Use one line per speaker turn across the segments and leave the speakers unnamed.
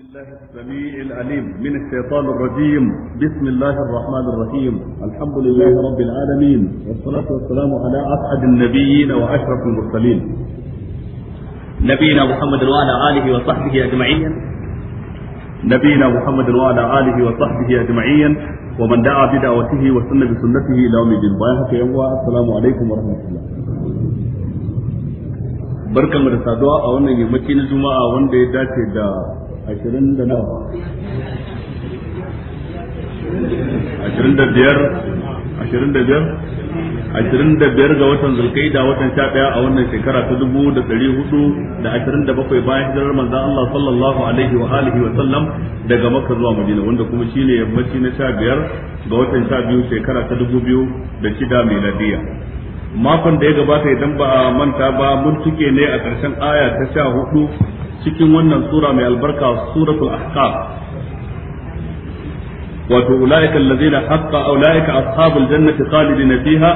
بالله
السميع العليم من الشيطان الرجيم بسم الله الرحمن الرحيم الحمد لله رب العالمين والصلاة والسلام على أسعد النبيين وأشرف المرسلين نبينا محمد وعلى آله وصحبه أجمعين نبينا محمد وعلى آله وصحبه أجمعين ومن دعا بدعوته وسن بسنته إلى يوم الدين السلام عليكم ورحمة الله barkan da saduwa a wannan yammaci na juma'a wanda ya dace da ashirin da nawa
ashirin da biyar ashirin da biyar ashirin
da biyar ga watan da watan sha daya a wannan shekara ta dubu da dari hudu da ashirin da bakwai bayan hijirar manzan Allah sallallahu alaihi wa alihi wa sallam daga makka zuwa madina wanda kuma shine yammaci na sha biyar ga watan sha biyu shekara ta dubu biyu da shida miladiya makon da ya gabata idan ba a manta ba mun tuke ne a ƙarshen aya ta sha hudu cikin wannan sura mai albarka suratul ahqaf wato ulaika allazina haqqa ulaika ashabul jannati khalidina fiha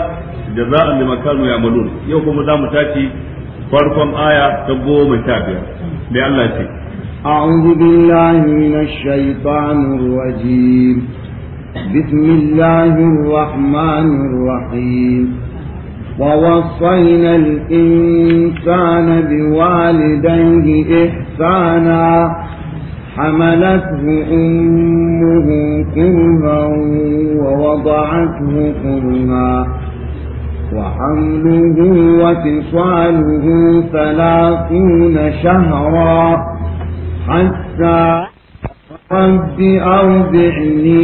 jazaa'an lima kanu ya'malun yau kuma za mu tafi farkon aya ta 15 sha da Allah ce
أعوذ بالله من الشيطان الرجيم بسم الله الرحمن الرحيم ووصينا الإنسان بوالديه إحسانا حملته أمه كرها ووضعته كرها وحمله وفصاله ثلاثون شهرا حتى رب أوزعني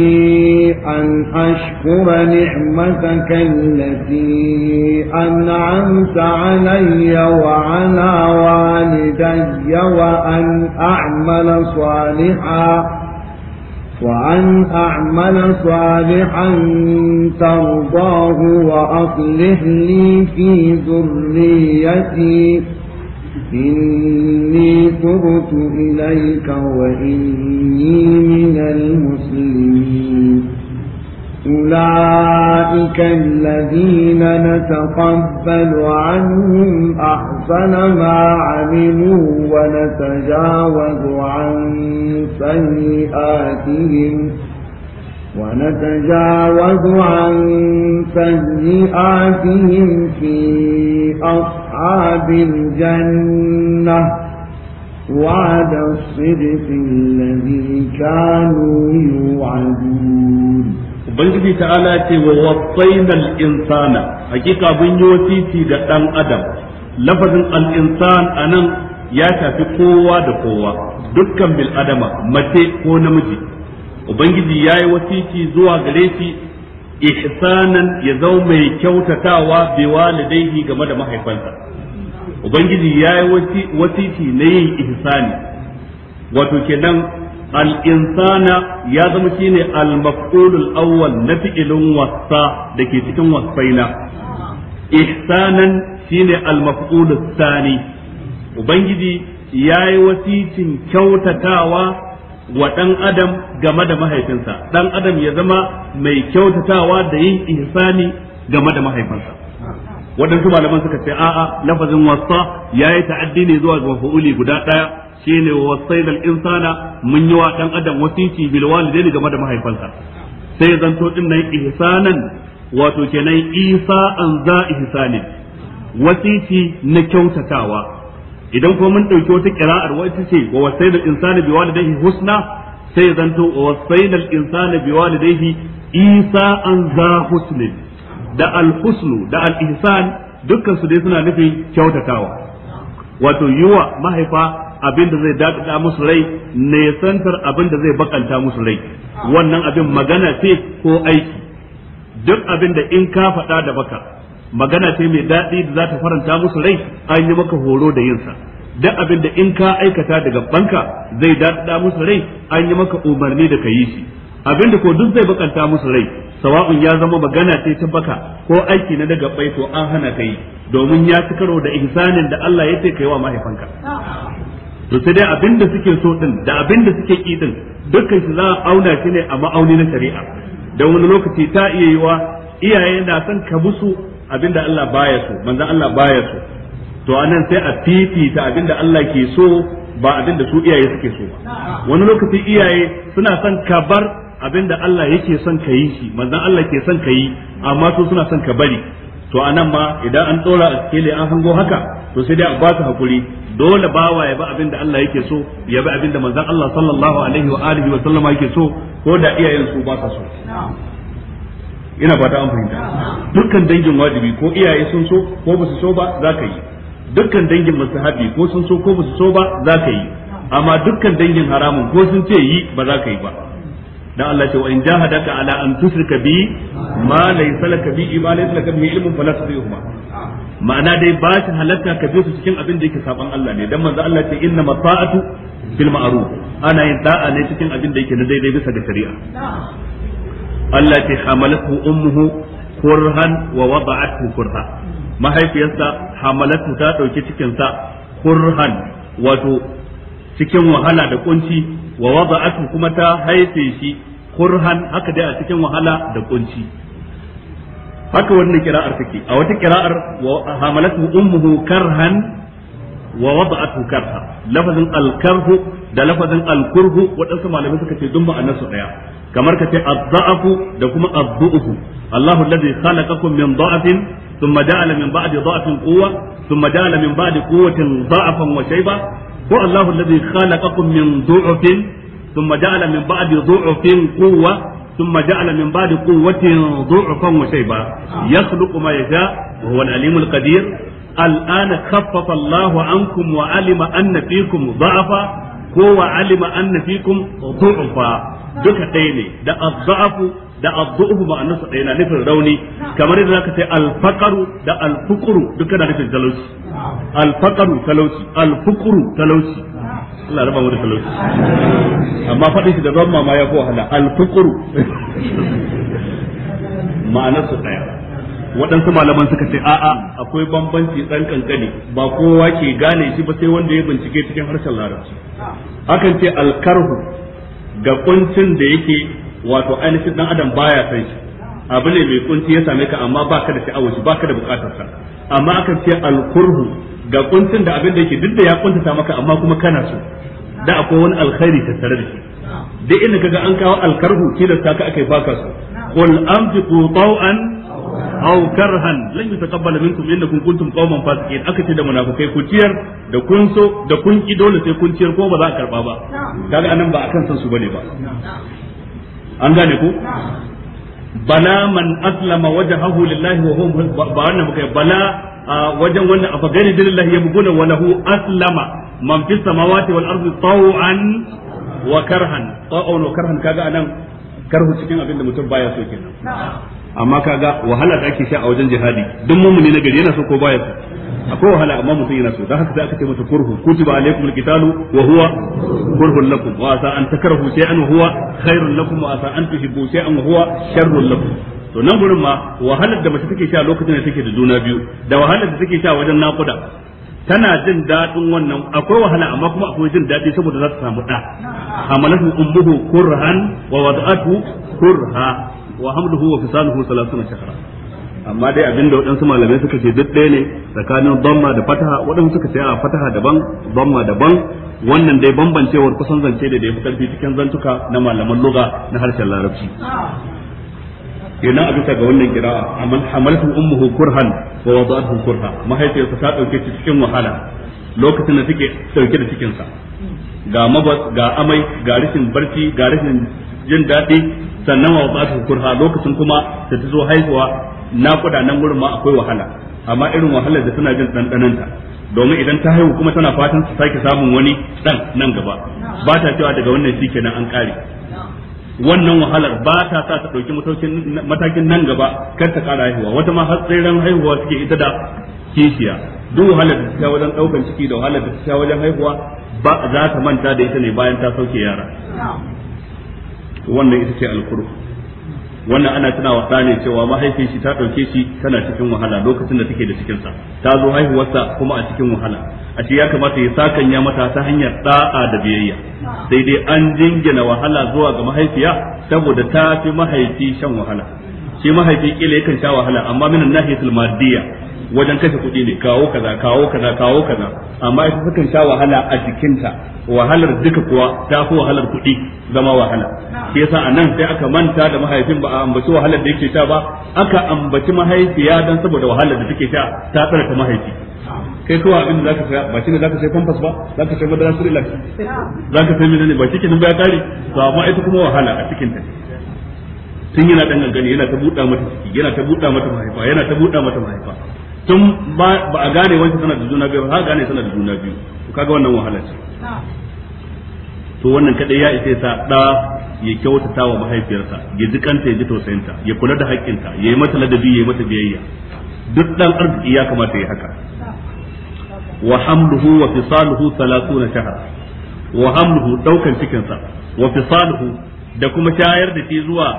أن أشكر نعمتك التي أنعمت علي وعلى والدي وأن أعمل صالحا وأن أعمل صالحا ترضاه وأصلح لي في ذريتي إني تبت إليك وإني من المسلمين أولئك الذين نتقبل عنهم أحسن ما عملوا ونتجاوز عن سيئاتهم ونتجاوز عن سيئاتهم في أصل أصحاب الجنة وعد الصدق الذي كانوا يوعدون Ubangiji
ta'ala ce wa wasainal insana hakika bin yi wasiti da ɗan adam lafazin al'insan a nan ya shafi kowa da kowa dukkan bil'adama mace ko namiji ubangiji ya yi wasiti zuwa gare shi ihsanan ya zama mai kyautatawa bi walidaihi game da mahaifansa ubangiji ya yi wasiti na yin ihsani wato kenan al-insana ya zama shine al-maf'ulul awwal na fi'ilun wasa da ke cikin wasfaina ihsanan shine al-maf'ulus sani. ubangiji ya yi wasicin kyautatawa wa ɗan adam game da mahaifinsa ɗan adam ya zama mai kyautatawa da yin ihsani game da mahaifinsa waɗansu malaman suka ce a'a lafazin wasa ya yi ta'addi ne zuwa ga maf'uli guda ɗaya shine wasailal insana mun yi wa ɗan adam wasiki bil walidaini game da mahaifansa sai zanto din nan ihsanan wato kenan isa an za ihsanin wasici na kyautatawa idan kuma mun dauki wata qira'ar wa ita ce wa wasailal insana bi walidayhi husna sai zanto wa wasailal insana bi walidayhi isa an za husnin da al-husnu da al-ihsan dukkan su dai suna nufin kyautatawa wato yiwa mahaifa abin da zai dakata musu rai ne santar abin da zai bakanta musu rai wannan abin magana ce ko aiki duk abin da in ka faɗa da baka magana ce mai daɗi da za ta faranta musu rai an yi maka horo da yinsa duk abin da in ka aikata daga banka zai daɗaɗa musu rai an yi maka umarni da ka yi shi abin da ko duk zai bakanta musu rai sawa'un ya zama magana ce ta baka ko aiki na daga bai to an hana ka yi domin ya ci karo da ihsanin da Allah ya ce kai wa mahaifanka to sai dai abinda suke so din da abinda suke ki din dukkan shi za a auna shi ne a ma'auni na shari'a Da wani lokaci ta iya yi wa iyaye na son ka musu abinda Allah baya so manzon Allah baya so to anan sai a fifita abinda Allah ke so ba abinda su iyaye suke so ba wani lokaci iyaye suna son ka bar Abin da Allah yake son ka yi shi manzon Allah ke son ka yi amma su suna son ka bari to anan ma idan an dora a kele an hango haka to sai dai a ba su hakuri dole bawa ya ba abinda Allah yake so ya ba abinda manzon Allah sallallahu alaihi wa alihi wa sallama yake so ko da iyayen su ba so ina fata an fahimta dukkan dangin wajibi ko iyaye sun so ko ba su so ba za ka yi dukkan dangin mustahabi ko sun so ko ba su so ba za ka yi amma dukkan dangin haramun ko sun ce yi ba za ka yi ba dan Allah ce wa in jahadaka ala an tusrika bi ma laysa laka bi ma laysa laka bi ilmun fala tusihuhuma ma'ana dai ba shi halatta ka bi su cikin abin da yake saban Allah ne dan manzo Allah ce inna mata'atu bil ma'ruf ana yin da'a ne cikin abin da yake na daidai bisa ga shari'a Allah ce hamalatu ummuhu kurhan wa wada'atu kurha mahaifiyarsa hamalatu ta dauki cikin sa kurhan wato cikin wahala da kunci wa wada'atu kuma ta haife shi kurhan haka dai a cikin wahala da kunci haka wannan kira'ar take a wata kira'ar wa hamalatu ummuhu karhan wa wada'atu karha lafazin al-karhu da lafazin al-kurhu wadansu malamai suka ce dun ma'anar aya daya kamar ka ce da kuma ad Allahu alladhi khalaqakum min da'afin thumma ja'ala min ba'di da'afin quwwa thumma ja'ala min ba'di quwwatin da'afan wa shayba هو الله الذي خلقكم من ضعف ثم جعل من بعد ضعف قوة ثم جعل من بعد قوة ضعفا وشيبا يخلق ما يشاء وهو العليم القدير الآن خفف الله عنكم وعلم أن فيكم ضعفا ko wa alima anna fikum du'fa duka ɗaya ne da az-za'fu da ba ma'anarsa da yana nufin rauni kamar yadda zaka sai alfaqaru da alfuquru duka da nufin talauci alfaqaru talauci alfuquru talauci Allah raba mu da talauci amma fadin shi da zan mama ya fi wahala alfuqru ma'anarsa daya waɗansu malaman suka ce a'a akwai bambanci ɗan kankani ba kowa ke gane shi ba sai wanda ya bincike cikin harshen larabci akan ce alkarhu ga kuncin da yake wato ainihin dan adam baya san shi abu ne mai kunci ya same ka amma baka da sha'awar shi baka da bukatar sa amma akan ce alkurhu ga kuncin da abin da yake duk da ya kuntata maka amma kuma kana so da akwai wani alkhairi tattare da shi duk inda kaga an kawo alkarhu tilasta ka akai baka so qul amtiqu taw'an aw karhan lan yutaqabbal minkum innakum kuntum qauman fasiqin aka ce da munafikai ku ciyar da kun da kun ki dole sai kun ko ba za a karba ba kaga anan ba akan san su bane ba an gane ku bala man aslama wajhahu lillahi wa huwa ba wannan muka bala wajen wanda afa gani dinillahi yabguna wa lahu aslama man fis samawati wal ardi taw'an wa karhan taw'an wa karhan kaga anan karhu cikin abin da mutum baya so kenan amma kaga wahala da ake sha a wajen jihadi duk mummuni na gari yana so ko baya so akwai wahala amma mutum yana so dan haka sai aka ce masa kurhu kutiba alaikum alqitalu wa huwa kurhun lakum wa asa an takrahu shay'an wa huwa khairun lakum wa asa an tuhibbu shay'an wa huwa sharrun lakum to nan gurin ma wahalar da mace take sha lokacin da take da juna biyu da wahalar da take sha wajen nakuda tana jin daɗin wannan akwai wahala amma kuma akwai jin daɗi saboda za ta samu ɗa hamalatu ummuhu kurhan wa wada'atu kurha wa hamduhu wa fisaluhu 30 shahra amma dai abinda waɗansu malamai suka ce duk ɗaya ne tsakanin damma da fataha waɗansu suka ce a fataha daban damma daban wannan dai bambancewar kusan zance da ya fi cikin zantuka na malaman lugha na harshen larabci kenan a bisa ga wannan kira'a amman hamalatu ummuhu kurhan wa wada'atuhu kurha mahaifiyarsa ta dauke shi cikin wahala lokacin da take dauke da cikin sa ga mabas ga amai ga rashin barci ga rashin jin daɗi sannan wa su kurha lokacin kuma da ta zo haihuwa na nan gurin ma akwai wahala amma irin wahalar da tana jin ɗanɗananta domin idan ta haihu kuma tana fatan su sake samun wani ɗan nan gaba ba ta cewa daga wannan shi kenan an kare wannan wahalar ba ta sa ta ɗauki matakin nan gaba kar ta kara haihuwa wata ma har tsiran haihuwa suke ita da kishiya duk wahalar da ta wajen ɗaukan ciki da wahalar da ta wajen haihuwa ba za ta manta da ita ne bayan ta sauke yara wannan ita ce alkuru wannan ana tana wasa ne cewa mahaifin shi ta ɗauke shi tana cikin wahala lokacin da take da cikin sa ta zo haihuwarsa kuma a cikin wahala a shi ya kamata ya sakan ya mata ta hanyar da'a da biyayya sai dai an jingina wahala zuwa ga mahaifiya saboda ta fi mahaifi shan wahala shi mahaifi kila yakan sha wahala amma minan nahiyatul maddiya wajen kashe kuɗi ne kawo kaza kawo kaza kawo kaza amma ita sukan sha wahala a jikinta wahalar duka kuwa ta fi wahalar kuɗi zama wahala shi yasa a nan sai aka manta da mahaifin ba a ambaci wahalar da yake sha ba aka ambaci mahaifiya dan saboda wahalar da take sha ta tsara ta mahaifi kai kowa abin da zaka saya ba shine zaka sai pampers ba zaka sai madara su zaka sai menene ba shikenan ba ya kare to amma ita kuma wahala a cikin ta tun yana dan yana ta buɗa mata ciki yana ta buɗa mata mahaifa yana ta buɗa mata mahaifa tun ba a gane wancan tana da juna biyu har gane tana da juna biyu to kaga wannan wahala ce to wannan kadai ya ita sa da ya kyautata wa mahaifiyarsa ya ji kanta ya ji tausayinta ya kula da haƙƙinta ya yi mata ladabi ya yi mata biyayya duk dan arziki ya kamata ya haka wa hamluhu wa fisaluhu 30 shahar wa hamluhu daukan cikinsa wa fisaluhu da kuma shayar da shi zuwa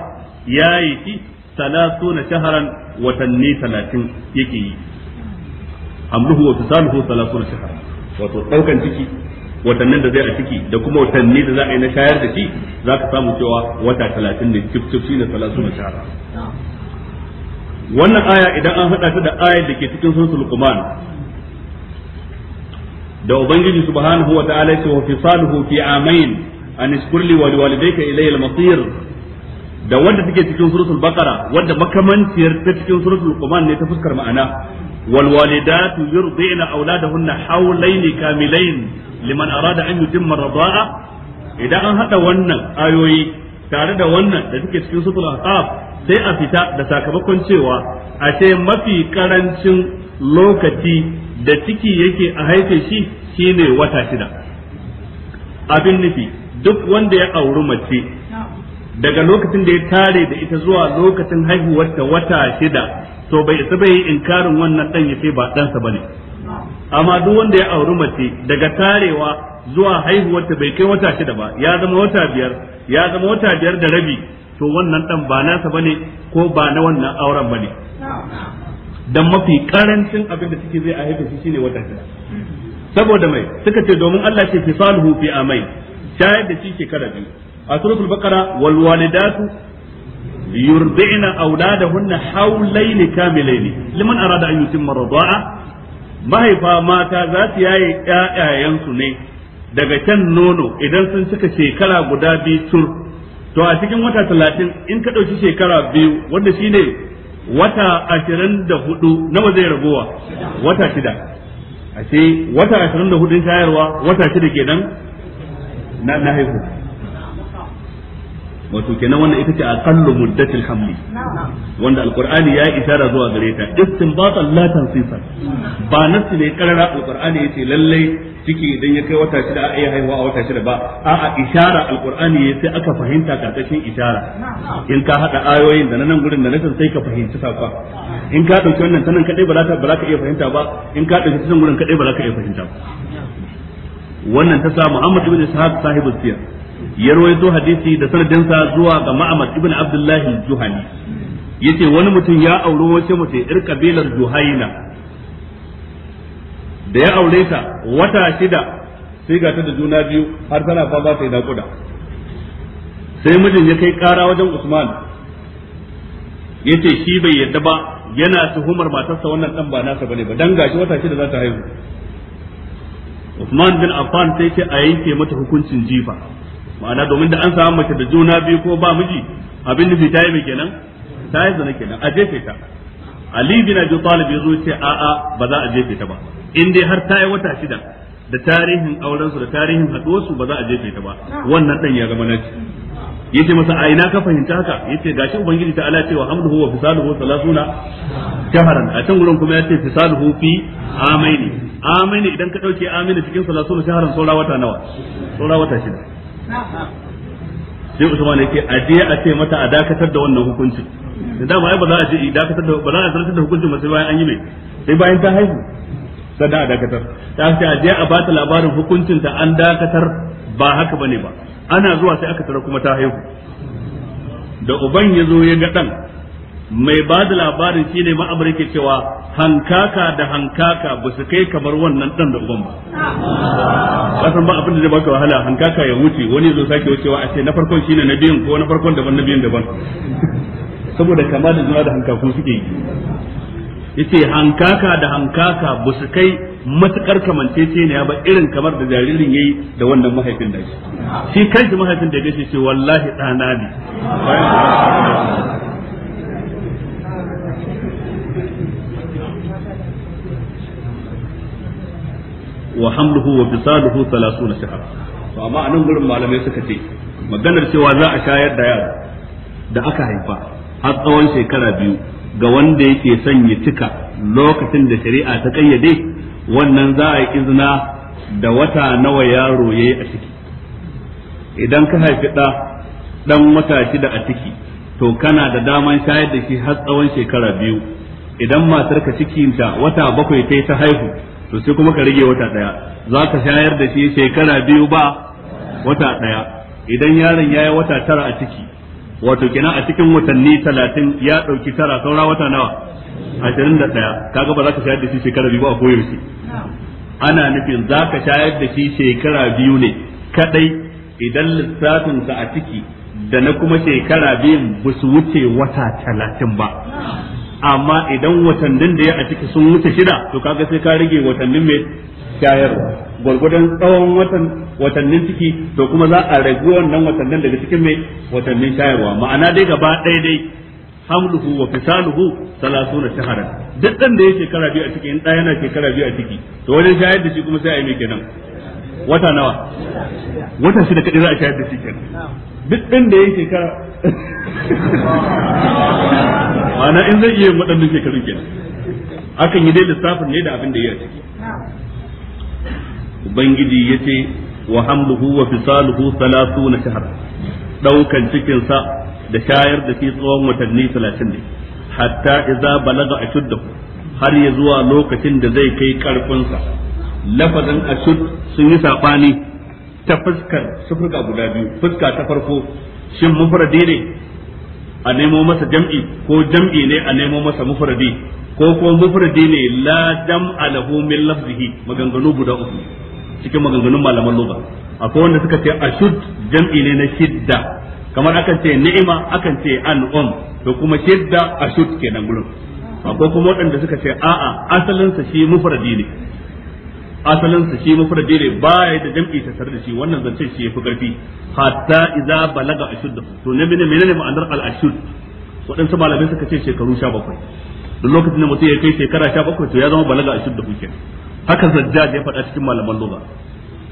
yayi shi 30 shaharan watanni 30 yake yi amruhu wa fisaluhu 30 shahra wato daukan ciki watannin da zai a ciki da kuma watanni da za a yi na shayar da shi za ka samu cewa wata talatin ne cif cif shi ne talatin shahara wannan aya idan an haɗa ta da ayar da ke cikin sunan luqman da ubangiji subhanahu wa ta'ala ya wa fisaluhu fi amain an iskurli wa liwalidayka ilayya al-masir da wanda take cikin suratul baqara wanda makamanciyar ta cikin suratul luqman ne ta fuskar ma'ana والوالدات يرضعن أولادهن حولين كاملين liman arada an يتم rida'a idan an هذا wannan ayoyi tare da wannan da suke cikin sutul ahqaf sai a fita da sakamakon cewa a ce mafi karancin lokaci da ciki yake a haife shi shine wata shida abin nufi duk wanda ya auri mace daga lokacin da ya tare da ita zuwa lokacin haihuwarta wata shida to bai isa bai inkarin wannan dan yace ba ɗansa bane amma duk wanda ya auri mace daga tarewa zuwa haihuwar ta bai kai wata shida ba ya zama wata biyar ya zama wata biyar da rabi to wannan dan ba nasa bane ko ba na wannan auren bane dan mafi karancin abin da suke zai a haifa shi shine wata shida saboda mai suka ce domin Allah ce fisaluhu fi amai shayar da shi ke karabi. a suratul baqara wal walidatu yurdina auladahunna haulaini kamilaini liman arada an yutimma rida'a mahaifa mata za su yaye ƴaƴayensu ne daga kan nono idan sun cika shekara guda biyu tur to a cikin wata talatin in ka ɗauki shekara biyu wanda shine wata ashirin da hudu nawa zai ragowa wata shida ce wata ashirin da hudun shayarwa wata shida kenan na haihu wato kenan wannan ita ce aqallu muddatil hamli wanda alqur'ani ya isara zuwa gare ta istinbatan la tansisa ba nasu ne karara alqur'ani yace lalle ciki idan ya kai wata shida a iya haihuwa a wata shida ba a'a isara alqur'ani yace aka fahimta karkashin isara in ka hada ayoyin da nan gurin da nan sai ka fahimci safa in ka dauki wannan sanan kadai ba za ka iya fahimta ba in ka dauki sanan gurin kadai ba za ka iya fahimta ba wannan ta sa Muhammad ibn Ishaq sahibul siyar ya rawaito hadisi da sanadinsa zuwa ga Ma'amad ibn Abdullahi Juhani yace wani mutum ya auri wace mace yar kabilar Juhaina da ya aure ta wata shida sai ga ta da juna biyu har tana fa za ta yi nakuda sai mijin ya kai kara wajen Usman yace shi bai yadda ba yana tuhumar matarsa wannan dan ba nasa bane ba dan gashi wata shida za ta haihu Usman bin Affan sai ce a yanke mata hukuncin jifa ma'ana domin da an samu mace da juna biyu ko ba miji abin nufi ta yi mai kenan ta yi zana kenan a jefe ta ali bin abi talib ya zo ce a a ba za a jefe ta ba in dai har ta yi wata shida da tarihin auren su da tarihin haduwar su ba za a jefe ta ba wannan dan ya zama naci yace masa a ina ka fahimta haka yace gashi ubangiji ta ala cewa amduhu wa fisaluhu salasuna shahran a can gurin kuma yace fisaluhu fi amaini amaini idan ka dauke amaini cikin salasuna shahran saura wata nawa saura wata shida
sai
ku Usman yake a je a ce mata a dakatar da wannan hukuncin da dama ai ba za a je dakatar da ba za a dakatar da hukuncin ba sai bayan an yi mai sai bayan ta haihu sai da a dakatar ta ce a je a ba ta labarin hukuncin ta an dakatar ba haka bane ba ana zuwa sai aka tara kuma ta haihu da uban ya zo ya ga dan mai ba da labarin shi ne ma'amar cewa hankaka da hankaka ba su kai kamar wannan dan da uban ba kasan ba abin da zai baka wahala hankaka ya wuce wani zo sake wucewa a ce na farkon shine na biyun ko na farkon daban na biyun daban saboda kama da juna da hankaku suke yi yace hankaka da hankaka ba su kai matukar ne ba irin kamar da jaririn yayi da wannan mahaifin da shi shi kanshi mahaifin da ya ce wallahi ɗana ne wa hamluhu wa fisaluhu 30 shahra to amma a nan gurin malamai suka ce maganar cewa za a shayar da aka haifa har tsawon shekara biyu ga wanda yake son ya cika lokacin da shari'a ta kayyade wannan za a yi izina da wata nawa yaro ya yi a ciki idan ka haifi ɗa ɗan wata shida a ciki to kana da daman shayar da shi har tsawon shekara biyu idan matar ka cikinta wata bakwai ta ta haihu to sai kuma ka rage wata daya za ka shayar da shi shekara biyu ba wata daya idan yaron ya yi wata tara a ciki wato kina a cikin watanni talatin ya ɗauki tara saura wata nawa ashirin da ɗaya kaga ba za ka shayar da shi shekara biyu ba a koyaushe ana nufin za ka shayar da shi shekara biyu ne kadai idan lissafinsa a ciki da na kuma shekara biyun ba su wuce wata talatin ba amma idan watannin da ya a ciki sun wuce shida to kaga sai ka rage watannin mai shayarwa gwargwadon tsawon watan watannin ciki to kuma za a rage wannan watannin daga cikin mai watannin shayarwa ma'ana dai gaba ɗaya dai hamluhu wa fisaluhu salasuna shahara duk dan da ya shekara biyu a ciki in ɗaya yana shekara biyu a ciki to wajen shayar da shi kuma sai a yi mai kenan wata nawa wata shida kadai za a shayar da shi kenan duk dan da ya shekara ana in zai iya waɗannan shekaru kenan akan yi dai lissafin ne da abin da ya ciki ubangiji ya ce wa hamluhu wa fisaluhu salatu na shahar ɗaukan cikinsa da shayar da shi tsawon watanni talatin ne hatta iza balaga a har ya zuwa lokacin da zai kai karfinsa lafazin ashud sun yi saɓani ta fuskar sufurka guda biyu fuska ta farko shin mufradi ne a nemo masa jam'i ko jam'i ne a nemo masa mufradi ko ko mufradi ne la dam alahu min lafzihi maganganu guda uku cikin maganganun malaman lugha akwai wanda suka ce ashud jam'i ne na shidda kamar akan ce ni'ima akan ce an'um to kuma shidda ashud kenan gurin akwai kuma waɗanda suka ce a'a asalinsa shi mufradi ne asalin sa shi mufradi ne baya da jam'i ta tare da shi wannan zance shi yafi karfi hatta idza balaga ashud to ne mene menene ma'anar al ashud wadansu malamai suka ce shekaru 17 duk lokacin da mutum ya kai shekara 17 to ya zama balaga ashud da kuke haka zajjaj ya faɗa cikin malaman lugha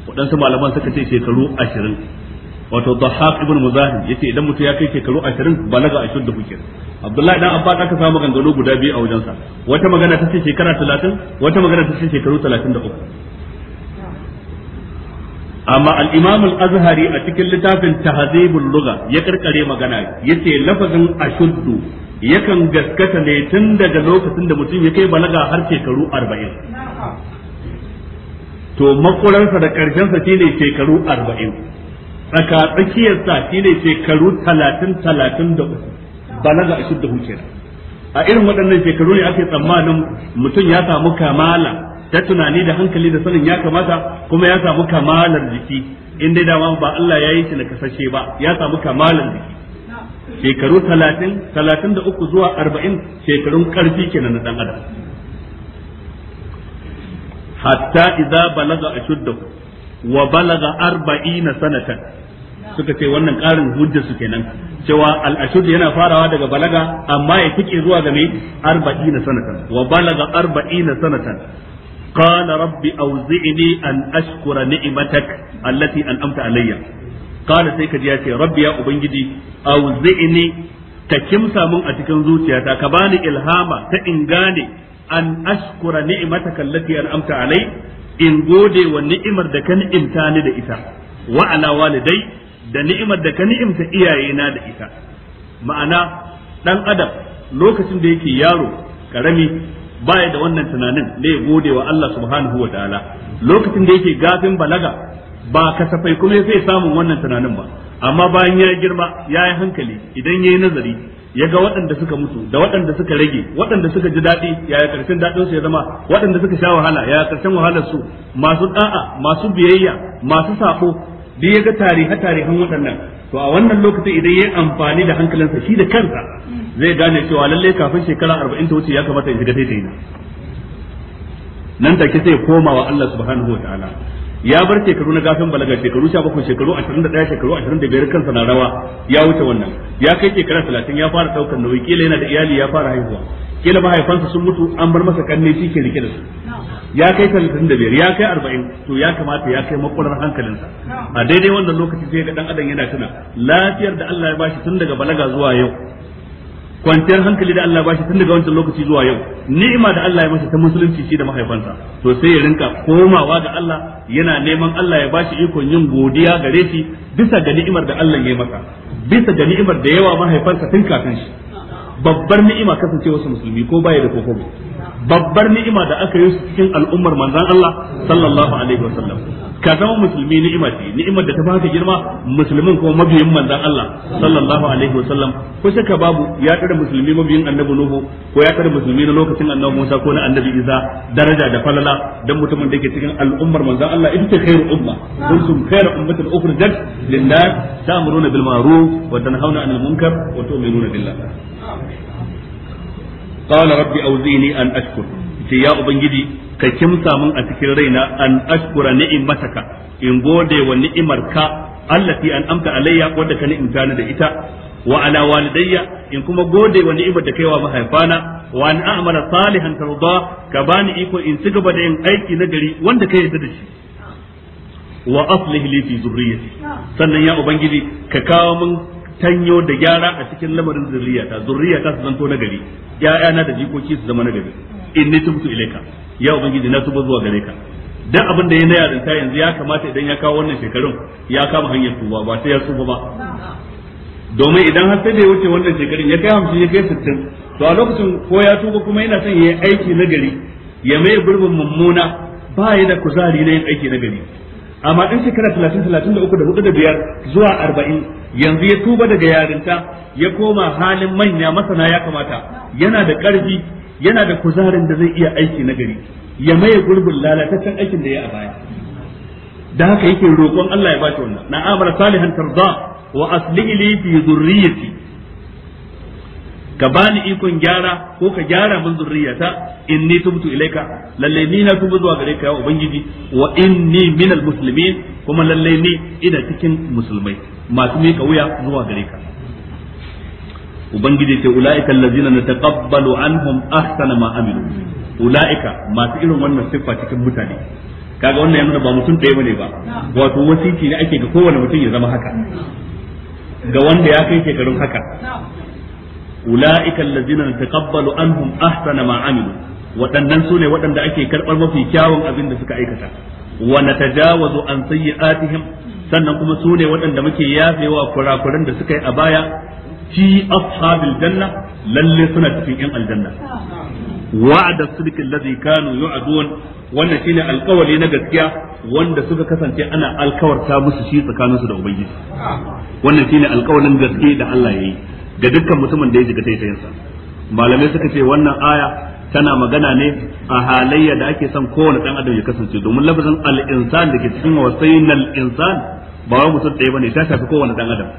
wadansu malaman suka ce shekaru 20 wato dhahab ibn muzahim yace idan mutum ya kai shekaru 20 balaga ashudda hukin abdullahi idan abba aka samu gangano guda biyu a wajensa wata magana ta ce shekara 30 wata magana ta ce shekaru 33 amma al-imam al-azhari a cikin littafin tahzibul lugha ya karkare magana yace lafazin ashuddu yakan gaskata ne tun daga lokacin da mutum ya kai balaga har shekaru
40
to makurarsa da karshensa shine shekaru arba'in. tsaka tsakiyar sa ne shekaru da uku. balaga ashuddahu huce. a irin waɗannan shekaru ne ake tsammanin mutum ya samu kamala ta tunani da hankali da sanin ya kamata kuma ya samu kamalar jiki in dai dama ba Allah ya yi shi na kasashe ba ya samu kamalar jiki shekaru talatin talatin da uku zuwa arba'in shekarun karfi kenan na dan adam hatta idza balaga ashuddahu wa balaga arba'ina sanatan suka ce wannan ƙarin hujjar su kenan cewa al-ashud yana farawa daga balaga amma ya tike zuwa ga mai 40 sanatan wa balaga 40 sanatan قال رب أوزعني أن أشكر نعمتك التي أنعمت علي قال سيكا جياتي ربي يا أبنجدي أوزعني تكمسا من أتكن زوتياتا كباني إلهاما تإنغاني أن أشكر نعمتك التي أنعمت علي in gode wa ni'imar da kan imtani da ita wa ala walidai da ni'imar da ka ni'imta iyayena da ita ma'ana dan adam lokacin da yake yaro karami baya da wannan tunanin ne ya gode wa Allah subhanahu wa ta'ala lokacin da yake gafin balaga ba kasafai kuma ya ya samun wannan tunanin ba amma bayan ya girma ya yi hankali idan ya yi nazari ya ga waɗanda suka mutu da waɗanda suka rage waɗanda suka ji daɗi ya yi ƙarshen daɗin su ya zama waɗanda suka sha wahala yaya ƙarshen wahalar su masu ɗa'a masu biyayya masu saɓo da ya ga tarihe tarihin waɗannan to a wannan lokacin idan ya amfani da hankalinsa shi da kansa zai gane cewa lallai kafin shekara arba'in ta wuce ya kamata ya shiga daidai na nan take sai koma wa Allah subhanahu wa ta'ala ya bar shekaru na gafin balaga shekaru 17 shekaru 21 shekaru 25 kansa na rawa ya wuce wannan ya kai shekara 30 ya fara daukar nauyi kila yana da iyali ya fara haihuwa kila mahaifansa sun mutu an bar masa kanne shi ke rike da su ya kai 35 ya kai 40 to ya kamata ya kai makwarar hankalinsa a daidai wannan lokaci sai ga dan adam yana tuna lafiyar da Allah ya bashi tun daga balaga zuwa yau kwanciyar hankali da Allah bashi tun daga wancan lokaci zuwa yau ni'ima da Allah ya masa ta musulunci shi da mahaifansa to sai ya rinka komawa ga Allah yana neman Allah ya bashi ikon yin godiya gare shi bisa ga ni'imar da Allah ya masa bisa ga ni'imar da yawa mahaifansa tun kafin shi babbar ni'ima kasancewa su musulmi ko baya da koko babbar ni'ima da aka yi su cikin al'ummar manzon Allah sallallahu alaihi wasallam ka zama musulmi ni'ima ce ni'imar da ta baka girma musulmin kuma mabiyin manzon Allah sallallahu alaihi wasallam ko shakka babu ya tsara musulmi mabiyin annabi nuhu ko ya tsara musulmi na lokacin annabi Musa ko na annabi Isa daraja da falala dan mutumin da ke cikin al'ummar manzon Allah ita ce khairu umma kuntum khairu ummatin ukhrijat lin-nas ta'muruna bil ma'ruf wa tanhauna 'anil munkar wa tu'minuna billah qala rabbi awzini an ashkur ce ya ubangiji ka kimsa min a cikin raina an ashkura ni'imataka in gode wa ni'imarka allati an amta alayya wadda ka ni'imta ni da ita wa ala walidayya in kuma gode wa ni'imar da kaiwa mahaifana wa an a'mala salihan tarda ka bani iko in ci gaba da yin aiki na gari wanda ka yarda da shi wa aslih li fi zurriyyati sannan ya ubangiji ka kawo mun tanyo da gyara a cikin lamarin zurriyata zurriyata su zanto na gari da jikoki su zama nagari. inni tubtu ilayka ya ubangiji na tuba zuwa gare ka dan abin da ya na yarinta yanzu ya kamata idan ya kawo wannan shekarun ya kama hanyar tuba ba sai ya tuba ba domin idan har sai da ya wuce wannan shekarun ya kai hamsin ya kai sittin to a lokacin ko ya tuba kuma yana son ya aiki na gari ya mai gurbin mummuna ba ya da kuzari na yin aiki na gari amma din shekara talatin talatin da uku da 5 da biyar zuwa arba'in yanzu ya tuba daga yarinta ya koma halin manya masana ya kamata yana da ƙarfi yana da kuzarin da zai iya aiki na gari ya maye gurbin lalataccen aikin da ya a baya da haka yake roƙon Allah ya ba shi wannan na amara salihan tarda wa aslihi li fi zurriyyati ka bani ikon gyara ko ka gyara min zurriyata inni tubtu ilaika lalle ni na tubu zuwa gare ka ya ubangiji wa inni minal muslimin kuma lalle ni ina cikin musulmai masu mika wuya zuwa gare ka ubangiji ce ulaika allazina nataqabbalu anhum ahsana ma amilu ulaika masu irin wannan siffa cikin mutane kaga wannan ya ba mutum ɗaya bane ba wato wasiki ne ake ga kowane mutum ya zama haka ga wanda ya kai shekarun haka ulaika allazina nataqabbalu anhum ahsana ma amilu waɗannan su ne waɗanda ake karɓar mafi kyawun abin da suka aikata wa natajawazu an sayyi'atihim sannan kuma su ne waɗanda muke yafewa kurakuran da suka yi a baya fi ashabil janna lalle suna cikin yan aljanna wa'ada sidqi allazi kanu yu'adun wannan shine alkawari na gaskiya wanda suka kasance ana alkawarta musu shi tsakaninsu da ubangiji wannan shine alkawarin gaske da Allah yayi da dukkan mutumin da ya ji jiga taitayinsa malamai suka ce wannan aya tana magana ne a halayya da ake son kowane dan adam ya kasance domin lafazin al-insan da ke cikin wasainal insan ba wai mutum ɗaya bane ta shafi kowane dan adam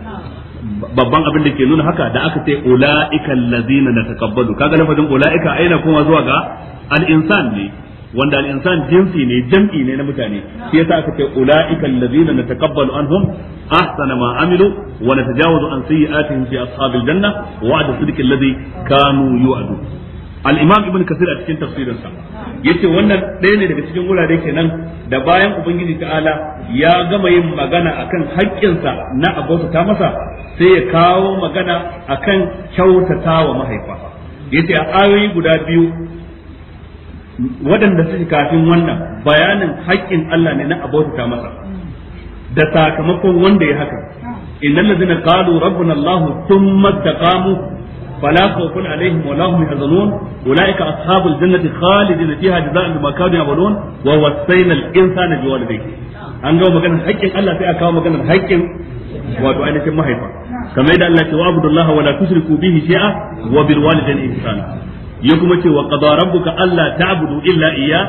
babban abin da ke nuna haka da aka ce ula'ika allazina natakabbalu kaga lafazin ula'ika aina kuma zuwa ga al-insan ne wanda al-insan jinsi ne jam'i ne na mutane shi yasa aka ce ula'ika allazina natakabbalu anhum ahsana ma amilu wa natajawazu an sayyi'atihim fi ashabil janna wa'da sidqi allazi kanu yu'adu al-imam ibn kasir a cikin tafsirinsa yace wannan ɗaya ne daga cikin wurare kenan da bayan ubangiji ta'ala ya gama yin magana akan sa na abota ta masa sai ya kawo magana akan kyautata wa mahaifa yace a ayoyi guda biyu waɗanda suke kafin wannan bayanin haƙƙin Allah ne na abota ta masa da sakamakon wanda ya haka innal ladina qalu rabbana Allah thumma taqamu فلا خوف عليهم ولا هم يحزنون اولئك اصحاب الجنه خالدين فيها جزاء بما كانوا يعملون ووصينا الانسان بوالديه an gawo maganar haƙƙin Allah sai a kawo maganar haƙƙin wato ainihin mahaifa kamar yadda Allah ce wa abdullah wa la tushriku bihi shay'a wa bil walidayni ya kuma ce wa qada rabbuka alla ta'budu illa iyya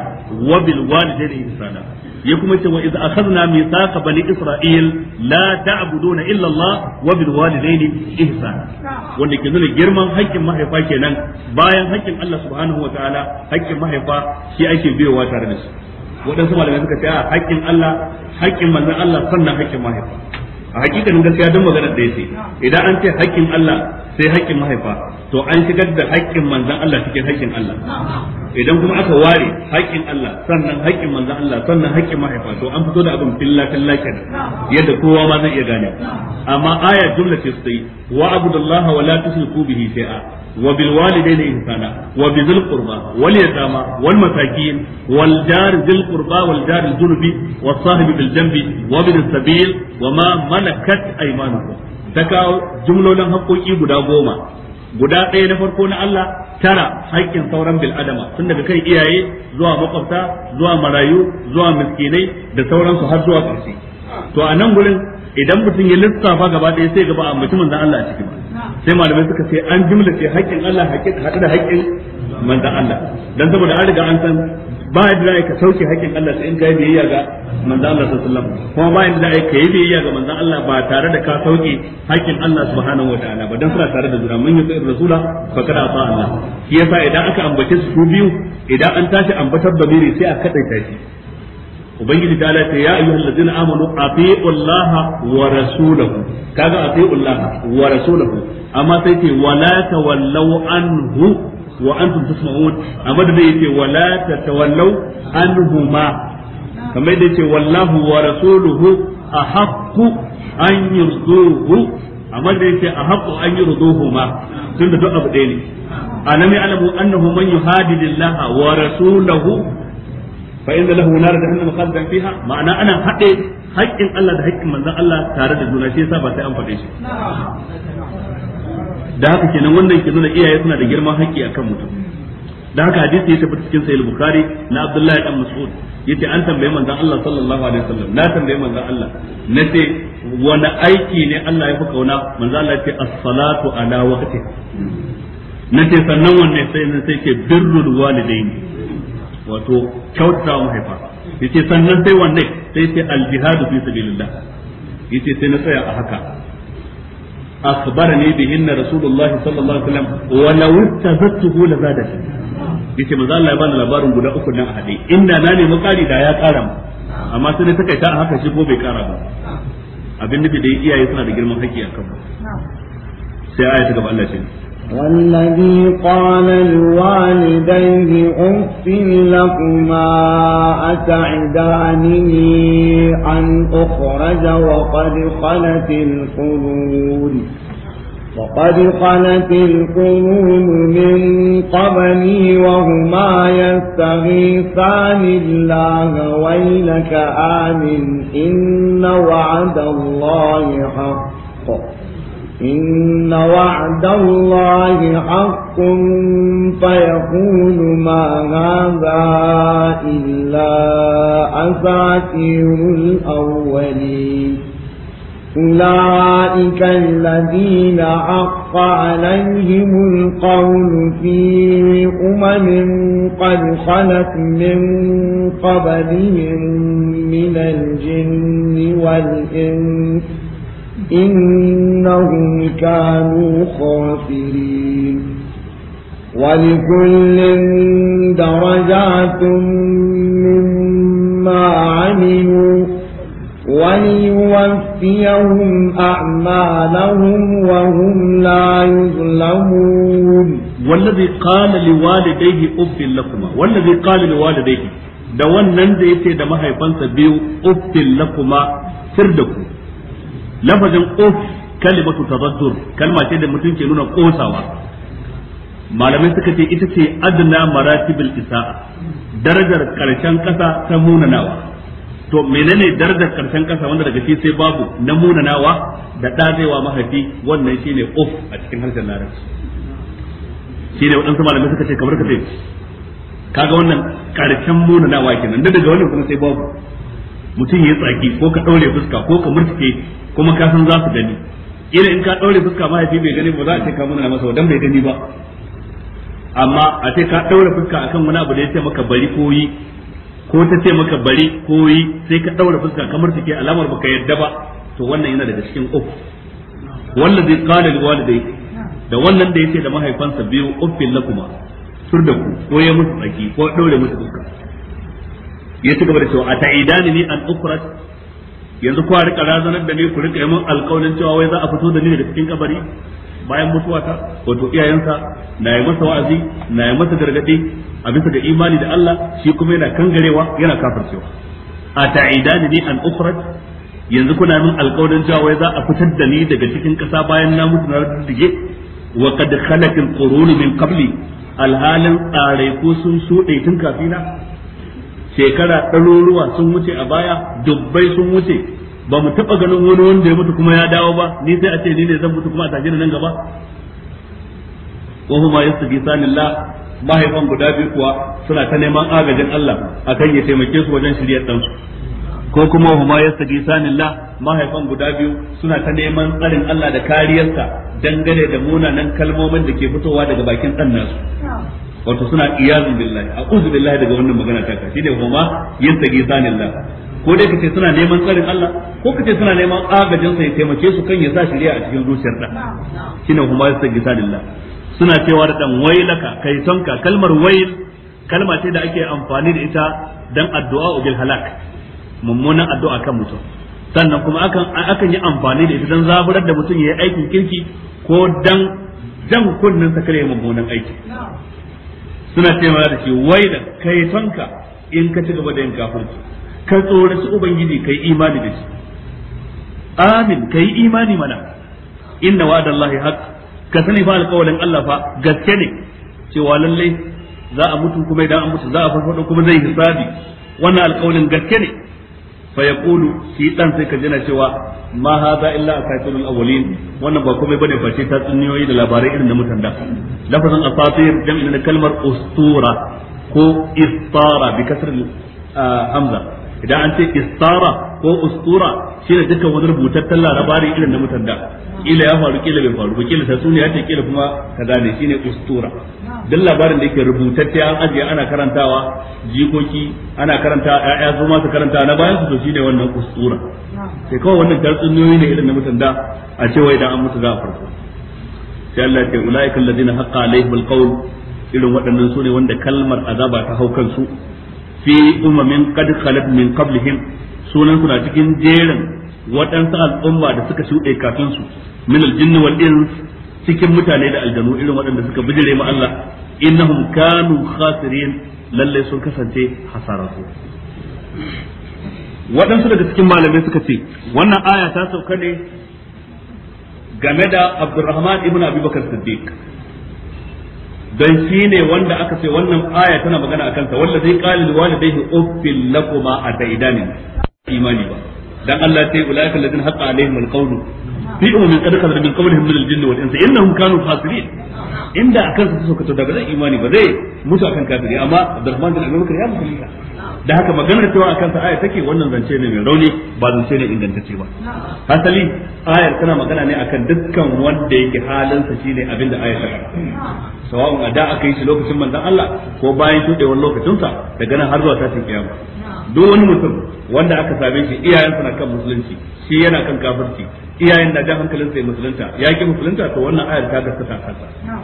wa bil walidayni ihsana ya kuma ce wa iz akhadna mithaqa bani isra'il la ta'buduna illa Allah wa bil walidayni ihsana wanda ke nuna girman haƙƙin mahaifa kenan bayan haƙƙin Allah subhanahu wa ta'ala haƙƙin mahaifa shi ake biyowa tare da shi waɗansu malamai suka ce a haƙƙin Allah haƙƙin manzon Allah sannan haƙƙin mahaifa a hakikanin gaskiya don magana da yace idan an ce haƙƙin Allah sai haƙƙin mahaifa to an shigar da haƙƙin manzan Allah cikin haƙƙin Allah idan kuma aka ware haƙƙin Allah sannan haƙƙin manzan Allah sannan haƙƙin mahaifa to an fito da abin filla filla kenan yadda kowa ma zai iya gane amma aya jumla ce sai wa abudullaha wa la tushriku bihi shay'a wa bil walidayni ihsana wa bi dhil qurba wal yatama wal masakin wal jar dhil qurba wal jar al was sahibi bil janbi wa bil sabil wa ma malakat aymanukum ta kawo jumlolin haƙoƙi guda goma guda ɗaya na farko na Allah tara haƙƙin sauran bil adama tun daga kai iyaye zuwa makwabta zuwa marayu zuwa miskinai da sauransu har zuwa ƙarshe to a nan gurin idan mutum ya lissafa gaba ɗaya sai gaba a mutumin da Allah a ciki ba sai malamai suka ce an jimla ce haƙƙin Allah haƙƙin haɗu da haƙƙin manzon Allah dan saboda an riga an san ba yadda za ka sauke haƙƙin Allah sai in ka yi biyayya ga manzon Allah sallallahu alaihi wasallam kuma ba yadda za ka yi biyayya ga manzon Allah ba tare da ka sauke haƙƙin Allah subhanahu wataala ba Don suna tare da juna mun yi sai rasula ba kada fa Allah shi yasa idan aka ambace su biyu idan an tashi ambatar da biri sai a kadaita shi ubangiji ta lati ya ayyuha allazina amanu atiu allaha wa rasulahu kaga atiu allaha wa rasulahu amma sai ce wala tawallaw anhu wa antum tasma'un amma da yake wala tatawallaw anhuma kamar da yake wallahu wa rasuluhu ahaqqu an yurduhu amma da yake ahaqqu an yurduhuma tunda duk abu ɗaya ne alami alamu annahu man yuhadidillaha wa rasulahu fa inna lahu nar jahannam khaldan fiha ma'ana ana haɗe haƙƙin Allah da haƙƙin manzon Allah tare da juna shi ba sai an faɗe shi da haka kenan wannan ke nuna iyaye suna da girman haƙƙi akan mutum da haka hadisi ya tafi cikin sahih bukhari na abdullahi dan mas'ud yace an tambaye manzon Allah sallallahu alaihi wasallam na tambaye manzon Allah na ce wani aiki ne Allah ya fi kauna manzon Allah yace as-salatu ala na ce sannan wanne sai ne sai ke birrul walidain wato kyautata mahaifa yace sannan sai wanne sai ce al-jihadu fi sabilillah yace sai na tsaya a haka akhbarani bihinna rasulullahi sallallahu alaihi wasallam wa law tazattuhu la zadat yace manzo Allah ya bani labarin guda uku na a hade inda na nemi kari da ya kara amma sai na takaita a haka shi ko bai kara ba abin nufi da iyaye suna da girman haƙƙi a kanmu sai aya ta gaba Allah ce
والذي قال لوالديه أف لكما أتعدانني أن أخرج وقد خلت القرون وقد خلت القرون من قبلي وهما يستغيثان الله ويلك آمن إن وعد الله حق إن وعد الله حق فيقول ما هذا إلا أساطير الأولين أولئك الذين حق عليهم القول في أمم قد خلت من قبلهم من الجن والإنس إنهم كانوا خاسرين ولكل درجات مما عملوا وليوفيهم أعمالهم وهم لا يظلمون والذي قال
لوالديه أب لكما والذي قال لوالديه دوان wannan دمها يفنس بيو أب biyu سردكم lafazin uf kalimatu tazattur kalma ce da mutum ke nuna kosawa malamai suka ce ita ce adna maratibul isa'a darajar karshen kasa ta munanawa to menene darajar karshen kasa wanda daga shi sai babu na munanawa da dazewa mahaifi wannan shine of a cikin harshen larabci shine waɗansu malamai suka ce kamar ka ce kaga wannan karshen munanawa kenan da daga wannan kuma sai babu mutum ya tsaki ko ka ɗaure fuska ko ka murtike kuma ka san za su gani ila in ka ɗaure fuska mahaifi bai gani ba za a ce ka muna masa wadan bai gani ba amma a ce ka ɗaure fuska akan wani abu da ya ce maka bari ko yi ko ta ce maka bari ko yi sai ka ɗaure fuska ka murtuke alamar baka yadda ba to wannan yana daga cikin uku wanda zai kala da walidai da wannan da ya ce da mahaifansa biyu uffin lakuma tur da ku ko ya musu tsaki ko ɗaure musu fuska ya ci gaba da cewa a ata'idani ni an ukhraj yanzu ku rika razanar da ni ku rika yamin alƙawarin cewa wai za a fito da ni daga cikin kabari bayan mutuwata wato iyayensa na yi masa wa'azi na yi masa gargadi a bisa ga imani da Allah shi kuma yana kangarewa yana kafircewa a ta'idani ni an ukhraj yanzu kuna min alƙawarin cewa wai za a fitar da ni daga cikin ƙasa bayan na mutu na rarrige wa qad khalat al min qabli alhalin tsare ko sun shuɗe tun kafina shekara ɗaruruwa sun wuce a baya dubbai sun wuce ba mu taɓa ganin wani wanda ya mutu kuma ya dawo ba ni sai a ce ni ne zan mutu kuma a tashi nan gaba wa bisa yastaghithanillah mahaifan guda biyu kuwa suna ta neman agajin Allah akan ya taimake su wajen shiryar ɗansu ko kuma huma mahaifan guda biyu suna ta neman tsarin Allah da kariyarsa dangane da munanan kalmomin da ke fitowa daga bakin ɗan nasu wato suna iyazun billahi a'udhu billahi daga wannan magana ta ka shine zanen yastaghizanillah ko dai kace suna neman tsarin Allah ko kace suna neman agajin sa ya taimake su kan ya sa shari'a a cikin zuciyar da shine suna cewa da dan wailaka kai sonka kalmar wail kalma ce da ake amfani da ita dan addu'a bil halak mummunan addu'a kan mutum sannan kuma akan akan yi amfani da ita dan zaburar da mutum ya yi aikin kirki ko dan jan kunnen sa kare mummunan aiki suna cewa da shi wai da kai tonka in ka ci gaba da yin kafirci ka tsoraci ubangiji kai imani da shi amin kai imani mana inna wa'adallahi haqq ka sani fa alƙawalin Allah fa gaske ne cewa lallai za a mutu kuma idan an mutu za a farfado kuma zai hisabi wannan alƙawalin gaske ne fa yaqulu shi dan sai ka jina cewa ma hadha illa asatirul awwalin wannan ba komai bane face ta tsinniyoyi da labarai irin na mutanda lafazin asatir dan na kalmar ustura ko istara bi kasr hamza idan an ce istara ko ustura shine dukkan wani rubutattun labari irin na mutanda kila ya faru kila bai faru ba kila tatsuniya ce kila kuma kaza ne shine ustura duk labarin da yake rubutacce an ajiye ana karantawa jikoki ana karanta ƴaƴa su ma su karanta na bayan su to shine wannan ustura sai kawai wannan tatsuniyoyi ne irin na mutan da a ce wai dan an mutu za a farko sai Allah ya ulaika alladhina haqqa qawl irin waɗannan su wanda kalmar azaba ta hau kansu fi umamin qad khalat min qablihim sunan na cikin jerin waɗansu al'umma da suka shuɗe kafin su min aljinni wal ins cikin mutane da aljanu irin waɗanda suka bijire ma Allah innahum kanu khasirin lalle sun kasance hasararsu waɗansu daga cikin malamai suka ce wannan aya ta sauka ne game da Abdurrahman ibn Abi Bakar Siddiq dan shi ne wanda aka ce wannan aya tana magana akan sa wanda zai qala liwalidayhi uffil lakuma ataidanin imani ba dan Allah sai yi ulaika alladhina haqa alaihim alqawlu fi ummin qad kadar min qawlihim min aljinn wal insa innahum kanu fasirin inda akan su suka to daga zai imani ba zai mutu akan kafiri amma Abdurrahman bin Abubakar ya musulunta da haka maganar cewa akan sa aya take wannan zance ne mai rauni ba zance ne ingantacce ba hasali ayar tana magana ne akan dukkan wanda yake sa shine abinda ayar ta sawa'un a da aka yi shi lokacin manzon Allah ko bayan lokacin sa daga nan har zuwa tashin kiyama duk wani mutum wanda aka same shi iyayen suna kan musulunci shi yana kan kafirci iyayen da ja hankalin sai musulunta ya ki musulunta to wannan ayar ta gaskata kansa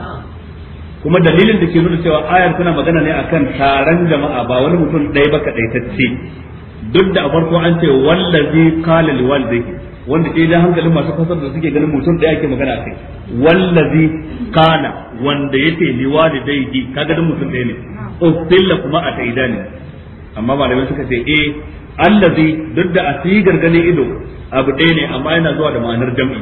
kuma dalilin da ke nuna cewa ayar tana magana ne akan taron jama'a ba wani mutum ɗaya ba kaɗaitacce duk da a farko an ce wallazi qala liwalidayhi wanda ke jan hankalin masu fasar da suke ganin mutum ɗaya ke magana Walla wallazi qala wanda da liwalidayhi ka ganin mutum ɗaya ne ustilla kuma a taida ne amma malamai suka ce eh allazi duk da asigar ganin ido abu ɗaya ne amma yana zuwa da ma'anar jam'i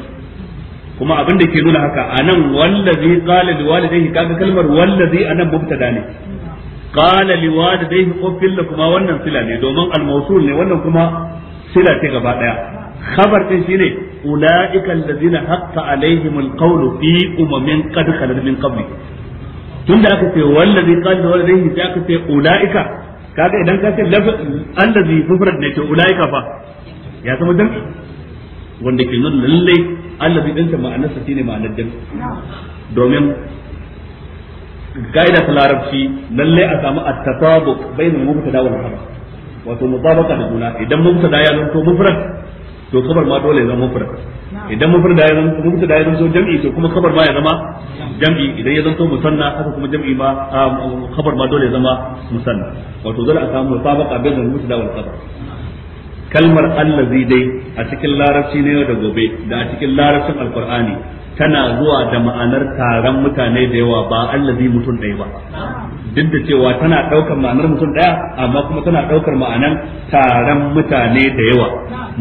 kuma abin da ke nuna haka anan wallazi qala liwalidayhi kaga kalmar wallazi anan mubtada ne qala liwalidayhi uffil lakuma wannan sila ne domin al-mawsul ne wannan kuma sila ce gaba daya khabar din shine ulaika allazina haqqa alaihim al-qawl fi umamin qad khalat min qabli tunda aka ce wallazi qala liwalidayhi sai aka ce ulaika kaga idan ka ce allazi mufrad ne to ulaika fa ya zama jam'i wanda ke nuna lalle allazi din ta ma'anar sa shine ma'anar jam'i domin gaida ta larabci lalle a samu at-tasabuq bainal mubtada wal khabar wato mutabaqa da juna idan mubtada ya zanto mufrad to khabar ma dole ya zama mufrad idan mafrada ya mun mafrada ya zama jam'i to kuma kabar ma ya zama jam'i idan ya zama musanna haka kuma jam'i ma kabar ma dole ya zama musanna wato dole a samu musabaqa bayan al-mubtada wal khabar kalmar allazi dai a cikin larabci ne da gobe da a cikin larabcin alqur'ani tana zuwa da ma'anar taron mutane da yawa ba allazi mutum ɗaya ba duk da cewa tana ɗaukar ma'anar mutum ɗaya amma kuma tana ɗaukar ma'anar taron mutane da yawa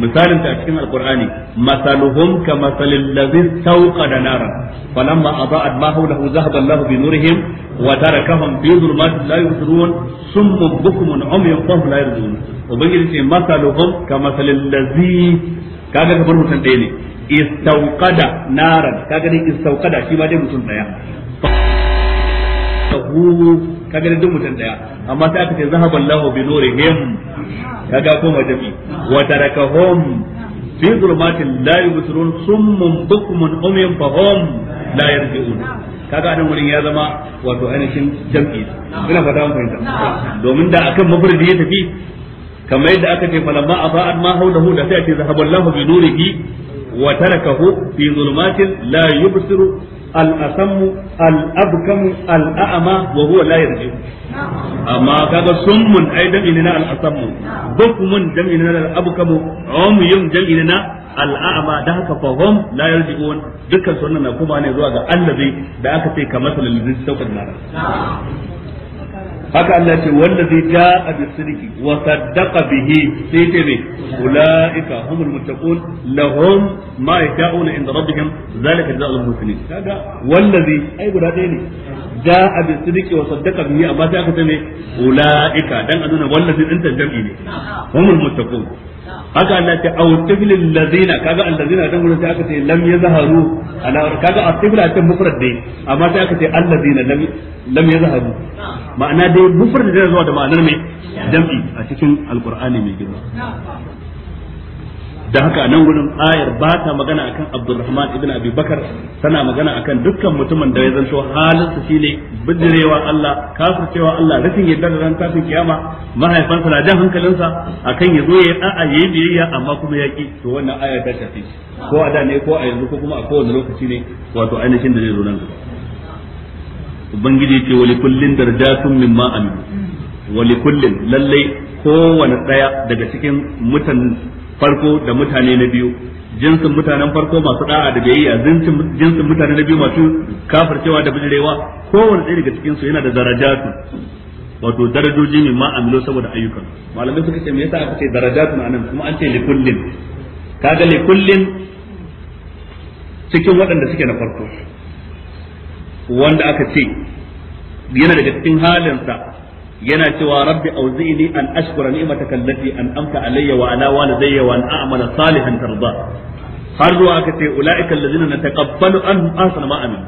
misalin ta cikin alqur'ani masaluhum ka masalil ladhi da naran falamma adaa'at ma hawlahu dhahaba Allahu bi nurihim wa tarakahum fi dhulumatin la yubsirun summun bukmun umyun fahum la yarjun ubangiji ce masaluhum ka masalil ladhi kaga kamar mutum ɗaya ne istauqada naran kaga dai istauqada shi ba dai mutum daya tahu kaga dai mutum daya amma sai aka ce zahaba Allahu bi nurihim kaga ko majabi wa tarakahum fi zulmatin la yubsirun summun bukmun umyun fahum la yarji'un kaga anan wurin ya zama wato ainihin jam'i ina fata mun fahimta domin da akan mafardi ya tafi kamar yadda aka ce falamma afa'at ma hawlahu da sai ce zahaballahu bi nurihi wa tarakahu fi zulumatin la yubsiru al asammu al abkamu al a'ma wa huwa la yarji
amma kaga summun
ai dan na al asammu bukmun dan na al abkamu umyun dan na al da haka fa hum la yarji'un dukkan kuma ne zuwa ga allazi da aka ce kamar haka Allah ce wallazi jaa bisidqi wa saddaqa bihi sai ce me ulaika humul muttaqun lahum ma yasha'una inda rabbihim zalika jazaa'ul muhsinin kaga wallazi ai guda ɗaya ne jaa bisidqi wa saddaqa bihi amma sai aka ce me ulaika dan azuna nuna wallazi din ta jam'i ne humul muttaqun haka Allah ta au tiflil ladina kaga allazina dan gurin sai aka ce lam yazharu ala kaga atifla ta mufrad dai amma sai aka ce allazina lam lam yazharu ma'ana dai mufrad da zuwa da ma'anar mai jam'i a cikin alqur'ani mai girma da haka a nan gudun ayar ba ta magana akan abdulrahman ibn abi bakar tana magana akan dukkan mutumin da ya zanto halinsa shine bijirewa Allah kafircewa Allah rashin yadda da ran tashin kiyama mahaifansa na jan hankalinsa akan ya zo ya a'a biyayya amma kuma ki to wannan aya ta tafi ko a da ne ko a yanzu ko kuma a kowane lokaci ne wato ainihin da zai zo nan ubangiji ce wali kullin darajatun min amin wali kullin lallai kowane daya daga cikin mutanen. farko da mutane na biyu jinsin mutanen farko masu da'a da biyayya jinsin mutane na biyu masu kafircewa da bijirewa kowane ɗaya daga cikin su yana da darajatu wato darajoji ne ma amilo saboda ayyukan malamai suka ce me yasa aka ce darajatu anan kuma an ce likullin kaga likullin cikin waɗanda suke na farko wanda aka ce yana daga cikin halinsa yana cewa rabbi auzini an ashkura ni'mataka allati an'amta alayya wa ala walidayya wa an a'mala salihan tarda har zuwa aka ce ulaika allazina nataqabbalu anhum ahsana ma amil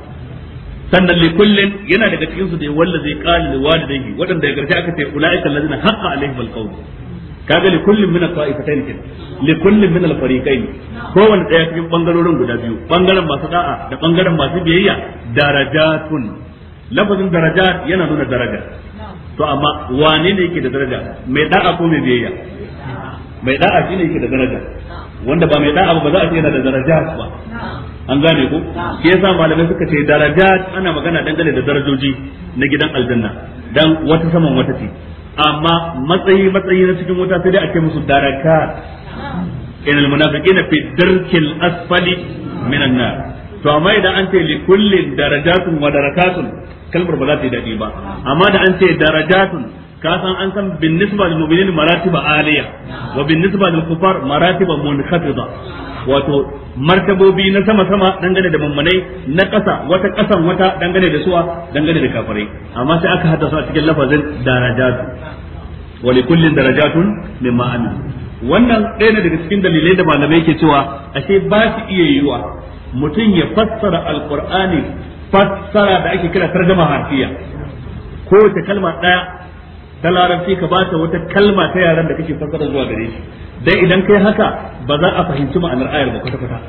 sannan li kullin yana daga cikin su da wanda zai qali li walidayhi wadanda ya garje aka ce ulaika allazina haqqa alaihim alqawl kaga li kullin min al-qa'ifatayn kin li kullin min al-fariqayn kowanne daya cikin bangarorin guda biyu bangaren masu da'a da bangaren masu biyayya darajatun lafazin darajat yana nuna daraja to amma wane ne yake da daraja mai da'a ko mai biyayya mai da'a shine yake da daraja wanda ba mai da'a ba za a ce yana da daraja ba an gane ku shi yasa malamai suka ce daraja ana magana dangane da darajoji na gidan aljanna dan wata saman wata ce amma matsayi matsayi na cikin wuta sai dai a musu daraka inal munafiqina fi darkil asfali minan nar to amma idan an ce li kullin darajatun wa darakatun kalmar ba za ta yi daɗi ba amma da an ce darajatun ka san an san bin nisba lil mu'minin maratiba aliya wa bin nisba lil kufar maratiba munkhafida wato martabobi na sama sama dangane da mummunai na ƙasa wata ƙasan wata dangane da suwa dangane da kafirai amma sai aka hada su a cikin lafazin darajatu wa li kullin darajatun mimma amin? wannan ɗaya ne daga cikin dalilai da malamai ke cewa ashe ba su iya yiwuwa mutum ya fassara Alƙur'ani fassara da ake kira tarjama harfiya ko ta kalma daya ta larabci ka ba ta wata kalma ta yaran da kake fassara zuwa gare shi dan idan kai haka ba za a fahimci ma'anar ayar ba kwata kwata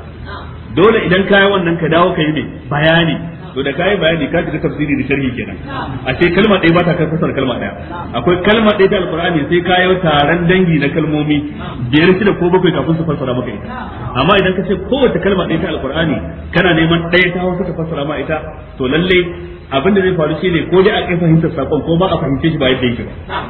dole idan kai wannan ka dawo kai ne bayani to da kai bayani ka ji tafsiri da sharhi kenan a ce kalma ɗaya ba ta fassara kalma ɗaya akwai kalma ɗaya ta alqur'ani sai ka yau taron dangi na kalmomi biyar shida ko bakwai kafin su fassara maka ita amma idan ka ce kowace kalma ɗaya ta alqur'ani kana neman ɗaya ta hausa ta fassara ma ita to lalle abin da zai faru shi ne ko dai a kai fahimtar sakon ko ba a fahimce shi ba yadda yake ba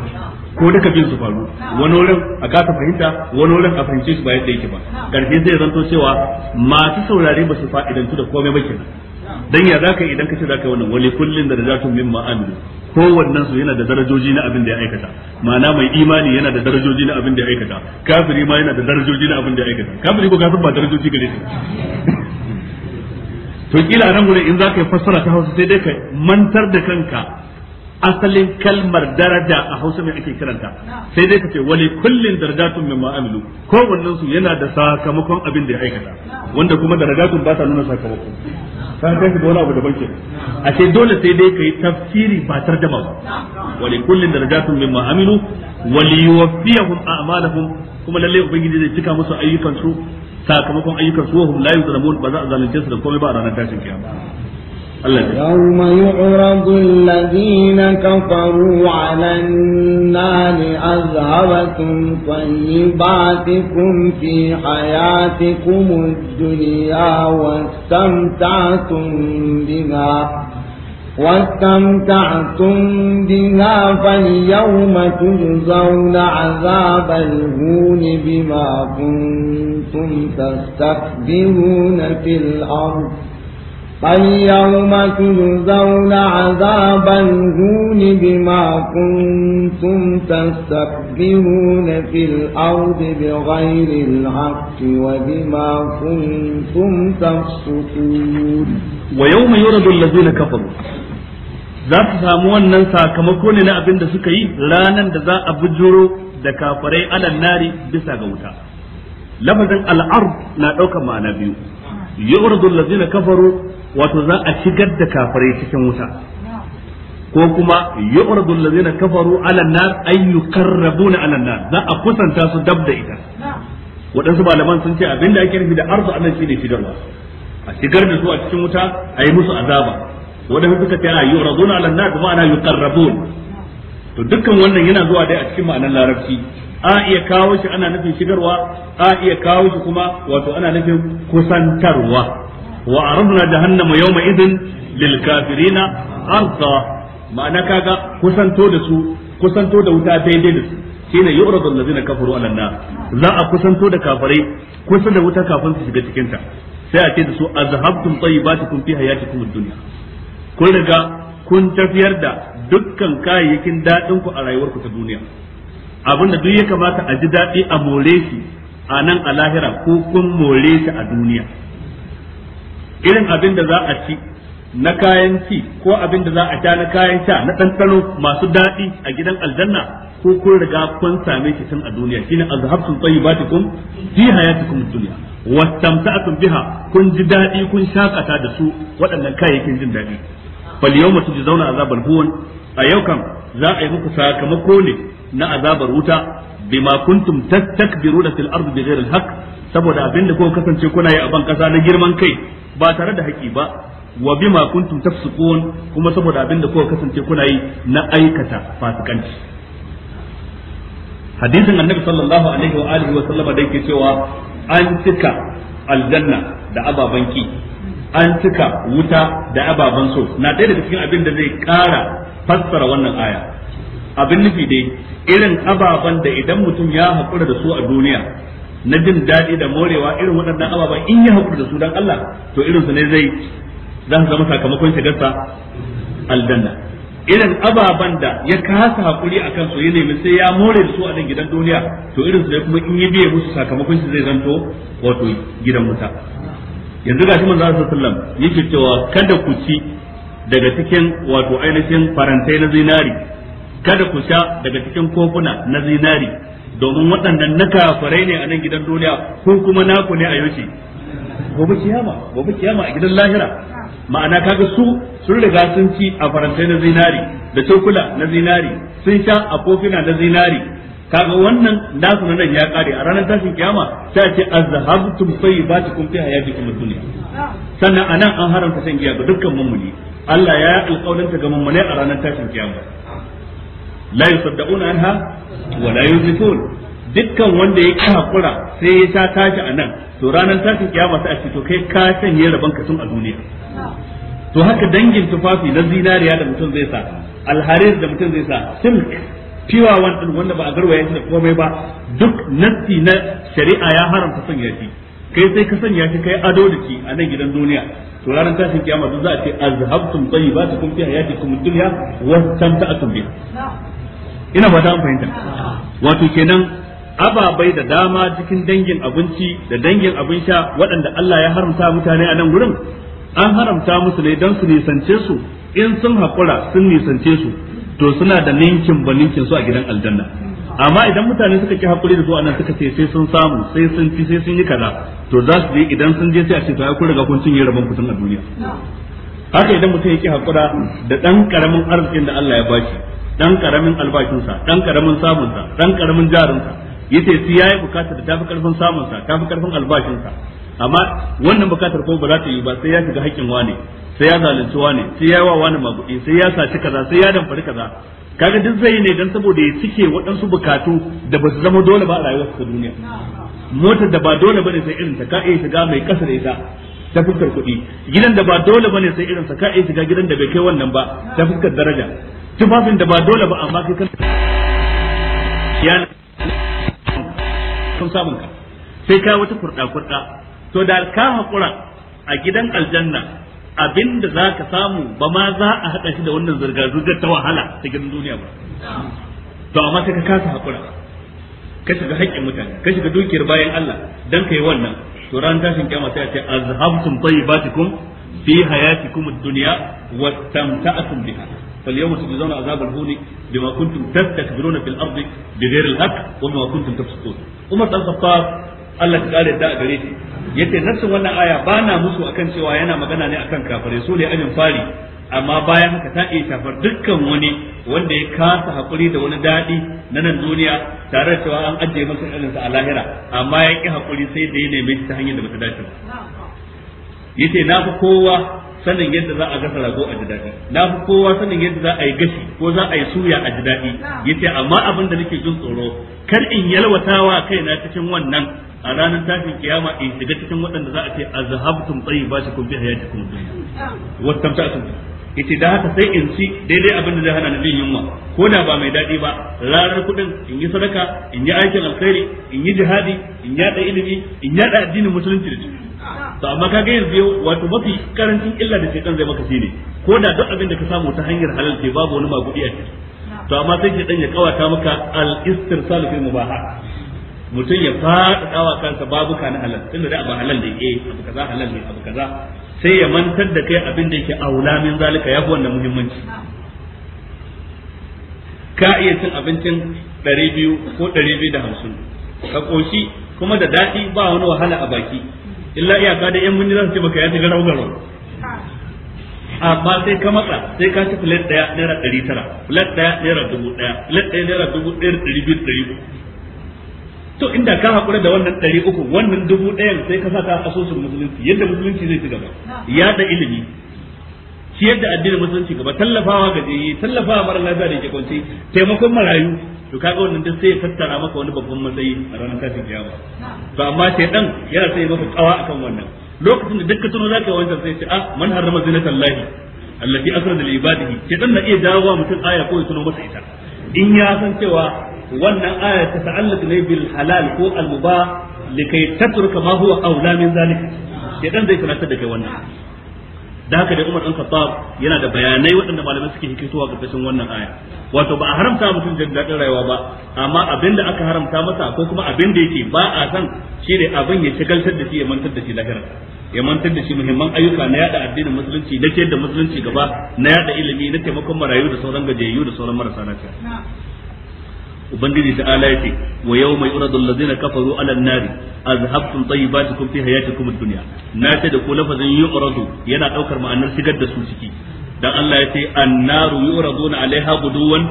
ko duka bin su faru wani wurin
a kasa fahimta wani wurin a fahimce su ba yadda yake ba karfi zai zanto cewa masu saurare ba su fa'idantu da komai ba kenan dan ya zaka idan kace zaka wannan wali kullin da rajatun mimma amilu kowannen su yana da darajoji na abin da ya aikata ma'ana mai imani yana da darajoji na abin da ya aikata kafiri ma yana da darajoji na abin da ya aikata kafiri ko kafir ba darajoji gare shi to kila nan gure in zaka yi fassara ta Hausa sai dai ka mantar da kanka asalin kalmar daraja a hausa mai ake kiranta sai dai kace wali kullin darajatun mimma amilu ko wannan su yana da sakamakon abin da ya aikata wanda kuma darajatun ba ta nuna sakamako sai kai ka wani abu daban ke a ce dole sai dai kai tafsiri ba tarjama ba wali kullin darajatun mimma amilu wali yuwaffiyahum a'malahum kuma lalle ubangiji zai cika musu ayyukan su sakamakon ayyukan su wa hum la yuzlamun ba za a zalunce su da komai
ba a ranar tashin kiyama يوم يعرض الذين كفروا على النار أذهبتم طيباتكم في حياتكم الدنيا واستمتعتم بها واستمتعتم بها فاليوم تجزون عذاب الهون بما كنتم تستكبرون في الأرض فاليوم تجزون عذاب الهون بما كنتم تستكبرون في الأرض بغير الحق وبما كنتم تفسقون ويوم يرد
الذين كفروا
za su samu wannan
sakamako ne na abin da suka yi ranar da za a bujuro da kafarai alan nari bisa ga wuta lafazin al'ar na ɗaukar ma'ana biyu yu'radu allazina kafaru wato za a shigar da kafirai cikin wuta ko kuma yu'radu allazina kafaru ala an-nar ay yuqarrabuna ala an-nar za a kusanta su dab da ita waɗansu malaman sun ce abinda ake nufi da arzu annan shine shigarwa a shigar da su a cikin wuta a yi musu azaba wadansu suka ce a yu'raduna ala an-nar kuma ana yuqarrabun to dukkan wannan yana zuwa dai a cikin ma'anar larabci a iya kawo shi ana nufin shigarwa a iya kawo shi kuma wato ana nufin kusantarwa wa arabna jahannama yawma idhin lil kafirina arda ma'ana kaga kusanto da su kusanto da wuta daidai da su shine yu'radu allazina kafaru ala nar za a kusanto da kafirai kusa da wuta kafin su shiga cikin sai a ce da su azhabtum tayyibatikum fi hayatikum ad-dunya kun riga kun tafiyar da dukkan kayayyakin daɗinku a rayuwarku ta duniya Abin da duk ya kamata a ji daɗi a more a nan a lahira ko kun more shi a duniya irin abin da za a ci na kayan ci ko abin da za a sha na kayan sha na ɗanɗano masu daɗi a gidan aljanna ko kun riga kun same shi tun a duniya shine azhabtum tayyibatikum fi hayatikum dunya wastamta'tum biha kun ji daɗi kun shakata da su waɗannan kayayyakin jin daɗi fal yawma tujzauna azabal huwan a yau kam za a yi muku sakamako ne na azabar wuta bima kuntum tastakbiruna fil ardi bighayri al haqq saboda abin da kuka kasance kuna yi a ban kasa na girman kai ba tare da haƙi ba wa bi ma kuntum tafsiqun kuma saboda abinda da kasance kuna yi na aikata fasikanci hadisin annabi sallallahu alaihi wa alihi wa sallama da yake cewa an cika aljanna da ababan ki an cika wuta da ababan so na ɗaya daga cikin abin da zai ƙara fassara wannan aya abin nufi dai irin ababan da idan mutum ya haƙura da su a duniya na jin daɗi da morewa irin waɗannan ababen in ya haƙuri da su dan Allah to irin su ne zai za su zama sakamakon shigarsa aljanna irin ababen da ya kasa haƙuri a kansu ya nemi sai ya more da su a nan gidan duniya to irin su ne kuma in ya biye musu sakamakon shi zai zanto wato gidan wuta yanzu shi manzo sallallahu alaihi wasallam yake cewa kada ku ci daga cikin wato ainihin farantai na zinari kada ku sha daga cikin kofuna na zinari domin waɗannan na kafarai ne a nan gidan duniya ko kuma naku ne a yaushe gobe kiyama gobe kiyama a gidan lahira ma'ana kaga su sun riga sun ci a farantai na zinari da cokula na zinari sun sha a kofina na zinari kaga wannan nasu na nan ya kare a ranar tashin kiyama sai ce azhabtum tayyibatikum fi hayatikum ad-dunya sannan anan an haramta shan giya ga dukkan mummuni Allah ya yi alƙawarin ga mummunai a ranar tashin kiyama la yusaddauna anha wa la yuzifun dukkan wanda ya ki hakura sai ya ta tashi a nan to ranar tashin kiyama sai a ce to kai ka sanye rabon ka sun a duniya to haka dangin tufafi na zinariya da mutum zai sa alharis da mutum zai sa silk fiwa wannan wanda ba a garwaya shi da komai ba duk nasti na shari'a ya haramta sanya shi kai sai ka sanya shi kai ado da shi a nan gidan duniya to ranar tashin kiyama duk za a ce azhabtum tayyibatukum fi hayatikum dunya wa tamta'atum
biha
ina fata amfani da. wato kenan ababai da dama cikin dangin abinci da dangin abin sha waɗanda Allah ya haramta mutane a nan gurin an haramta musu ne don su nisance su in sun haƙura sun nisance su to suna da ninkin ba ninkin su a gidan aljanna amma idan mutane suka ki haƙuri da zuwa nan suka ce sai sun samu sai sun fi sai sun yi kaza to za su je idan sun je sai a ce to ai kun riga kun cinye rabon kutun a duniya haka idan mutum ya ki haƙura da ɗan ƙaramin arzikin da Allah ya shi. dan karamin albashinsa dan karamin samunsa dan karamin jarinsa yace sai yayi bukatar da tafi karfin samunsa tafi karfin albashinsa amma wannan bukatar ko ba za ta yi ba sai ya shiga haƙƙin wane sai ya zalunci wane sai ya wa wani maguɗi sai ya saci kaza sai ya damfari kaza kaga duk zai ne dan saboda ya cike waɗansu bukatu da ba su zama dole ba a rayuwar ta duniya motar da ba dole bane sai irin ta ka iya shiga mai kasar ita ta fuskar kuɗi gidan da ba dole bane sai irin sa ka iya shiga gidan da bai kai wannan ba ta fuskar daraja tufafin da ba dole ba amma kai kan ya kun samun ka sai ka wata kurɗa kurɗa to da ka haƙura a gidan aljanna abin da za ka samu ba ma za a haɗa shi da wannan zirga-zirgar ta wahala ta gidan duniya ba to amma sai ka kasa haƙura ka shiga haƙƙin mutane ka shiga dukiyar bayan Allah dan kai wannan to ran tashin kiyama sai a ce azhabtum tayyibatikum fi hayatikum ad-dunya wastamta'tum biha فاليوم تجزون عذاب الهون بما كنتم تستكبرون في الارض بغير الحق وما كنتم تفسقون عمر بن الخطاب Allah ta kare da a gare shi yace nassin wannan aya ba na musu akan cewa yana magana ne akan kafare su ne amin fari amma bayan haka ta iya shafar dukkan wani wanda ya kasa hakuri da wani daɗi na nan duniya tare da cewa an ajiye masa irinsa a lahira amma ya ƙi hakuri sai da ya neme shi ta hanyar da bata dace ba yace na fi kowa sanin yadda za a gasa rago a ji daɗi na fi kowa sanin yadda za a yi gashi ko za a yi suya a ji daɗi yace amma abin da nake jin tsoro kar in yalwatawa kaina cikin wannan a ranar tashin kiyama in shiga cikin waɗanda za a ce azhabtum kun bi hayatikum dunya wa tamta'tum yace da haka sai in ci daidai abin da zai hana ni jin yunwa ko da ba mai daɗi ba ranar kuɗin in yi sadaka in yi aikin alkhairi in yi jihadi in yada ilimi in yada addinin musulunci da to amma ka ga yanzu yau wato mafi karancin illa da shekan zai maka shine ko da duk abin da ka samu ta hanyar halal ce babu wani magudi a ciki to amma sai shekan ya kawata maka al istirsal fil mubaha mutum ya faɗaɗa wa kansa babu kana halal tunda da ba halal da eh abu kaza halal ne abu kaza sai ya mantar da kai abin da yake aula min zalika yafi wannan muhimmanci ka iya cin abincin 200 ko 250 ka koshi kuma da daɗi ba wani wahala a baki illa iyaka da yan munni za su ce baka ya garau raugaro amma sai ka matsa sai ka ci filet ɗaya naira ɗari tara filet ɗaya naira dubu ɗaya filet ɗaya naira dubu ɗaya biyu to inda ka hakura da wannan ɗari uku wannan dubu ɗayan sai ka sa saka asusun musulunci yadda musulunci zai ci gaba yaɗa ilimi shi yadda addinin musulunci gaba tallafawa ga jiyi tallafawa mara lafiya da ke kwanci taimakon marayu to kaga wannan duk sai ya tattara maka wani babban matsayi a ranar tashin kiyama to amma sai dan yana sai maka kawa akan wannan lokacin da duk ka tuno zaka wanda sai ce ah man harrama zinatan lahi allati asra lil ibadihi sai dan na iya dawowa mutum aya ko ya tuno masa ita in ya san cewa wannan aya ta ta'allaq ne bil halal ko al mubah likai tatruka ma huwa aula min zalika shedan zai tunatar da kai wannan da haka dai Umar dan Khattab yana da bayanai waɗanda malamai suke ga karkashin wannan aya wato ba a haramta mutum jin dadin rayuwa ba amma abin da aka haramta masa ko kuma abin da yake ba a san shi ne abin ya shigaltar da shi ya mantar da shi lahira ya mantar da shi muhimman ayyuka na yada addinin musulunci na da musulunci gaba na yada ilimi na taimakon marayu da sauran gajiyayyu da sauran marasa
lafiya
ubangiji ta ala yace wa yawma yuradu allazina kafaru ala an-nar azhabtum tayyibatikum fi hayatikum ad-dunya na ce da ku lafazin yuradu yana daukar ma'anar shigar da su ciki dan Allah yace an-naru yuraduna alaiha guduwan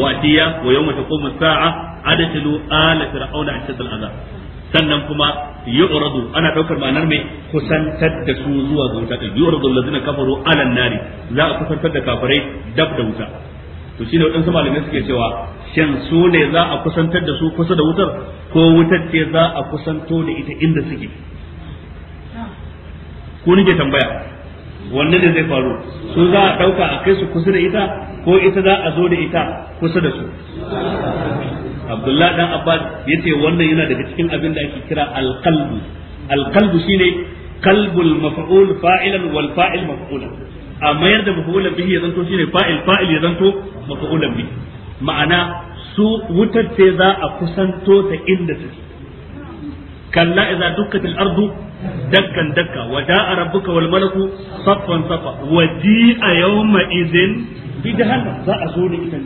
wa atiya wa yawma taqumu as-sa'a adkhilu ala fir'auna ashad al-azab sannan kuma yu'radu ana daukar ma'anar mai kusantar da su zuwa ga wuta yu'radu allazina kafaru ala an-nari za a kusantar da kafirai dab da wuta to shi ne waɗansu malamai suke cewa shan su ne za a kusantar da su kusa da wutar ko wutar ce za a kusanto da ita inda suke ko nake tambaya wanne ne zai faru su za a ɗauka a kai su kusa da ita ko ita za a zo da ita kusa da su abdullahi dan abbas yace wannan yana daga cikin abin da ake kira alqalbu alqalbu shine kalbul maf'ul fa'ilan wal fa'il maf'ulan a mayar da mafulan bihi ya zanto shine fa'il fa'il ya zanto mafulan bihi ma'ana su wutar sai za a kusanto ta inda take kalla idza dukkatil ardu dakkan dakka wa da'a rabbuka wal malaku saffan safa wa ji'a yawma idhin bi jahannam za a zo da ita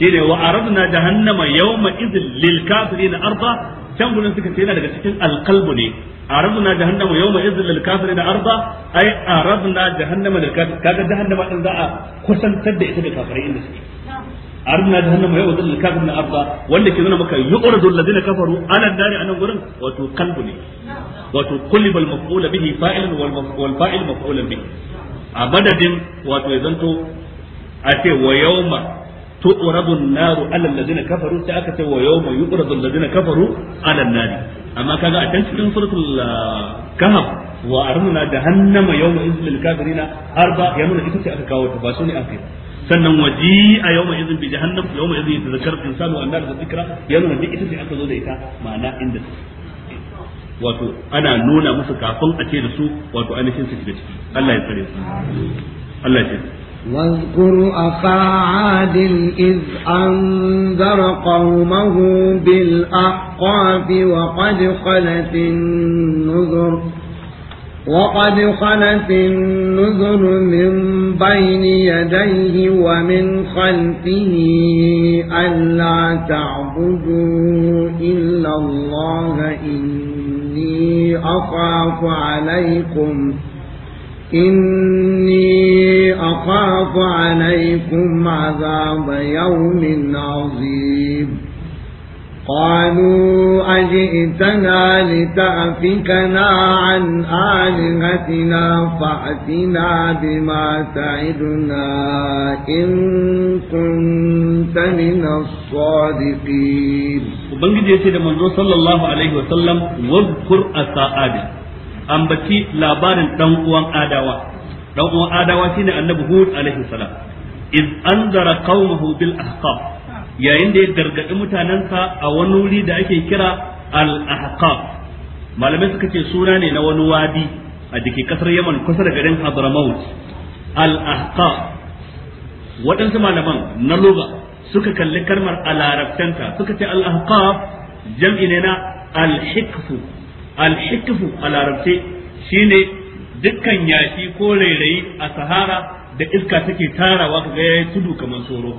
shine wa aradna jahannama yawma idhin lil kafirin arda can gurin suka ce yana daga cikin alqalbu ne arabna jahannama yawma jahannama lil kafirin kaga jahannama din a kusantar da ke nuna maka kafaru ala dari anan gurin wato kalbu ne tu'radu an-naru 'ala alladhina kafaru sai aka ce wa yawma yu'radu alladhina kafaru 'ala an-nar amma kaga a can cikin suratul ah, kahf wa armuna jahannama yawma idhil ya ita ce kawo ta ba sannan waje a yawma idhin bi jahannam yawma idhin yatazakkaru al-insanu wa an-nar dhikra ya nuna duk ita ce aka zo da ita ma'ana inda wato ana nuna musu kafin a ce da su wato ainihin su shiga ciki Allah ya tsare su Allah ya tsare
واذكر أخا عاد إذ أنذر قومه بالأحقاف وقد خلت النذر وقد خلت النذر من بين يديه ومن خلفه ألا تعبدوا إلا الله إني أخاف عليكم ۖ إني أخاف عليكم عذاب يوم عظيم قالوا أجئتنا لتأفكنا عن آلهتنا فأتنا بما تعدنا إن كنت من الصادقين وبنجد يسير منذ
صلى الله عليه وسلم واذكر أساء آدم ambaci labarin dan uwan adawa dan uwan adawa shine annabi hud alaihi salam iz anzara qaumahu bil ahqaf yayin da ya gargadi mutanensa a wani wuri da ake kira al ahqaf malamai suka ce suna ne na wani wadi a dake kasar yaman kusa da garin hadramaut al waɗansu malaman na lugha suka kalli kalmar a larabtanta suka ce al ahqaf jam'i ne na al hikfu alhikfu a larabce shine dukkan yashi ko rairayi a sahara da iska take tarawa kaga yayi tudu kamar tsoro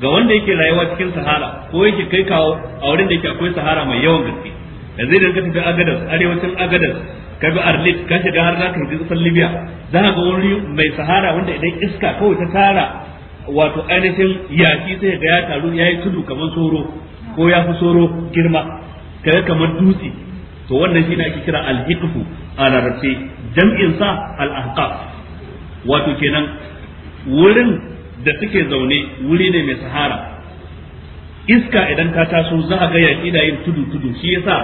ga wanda yake rayuwa cikin sahara ko yake kai kawo a wurin da yake akwai sahara mai yawan gaske da zai dinka tafi agadas arewacin agadas ka bi arlit ka shiga har za ka yi kasar libya za ka ga wuri mai sahara wanda idan iska kawai ta tara wato ainihin yaki sai ga ya taru ya yi tudu kamar tsoro ko ya fi tsoro girma kaga kamar dutse to wannan shine ake kira al-hiqfu ala rafi jam'in sa al-ahqaf wato kenan wurin da suke zaune wuri ne mai sahara iska idan ta taso za a ga ya da yin tudu tudu shi yasa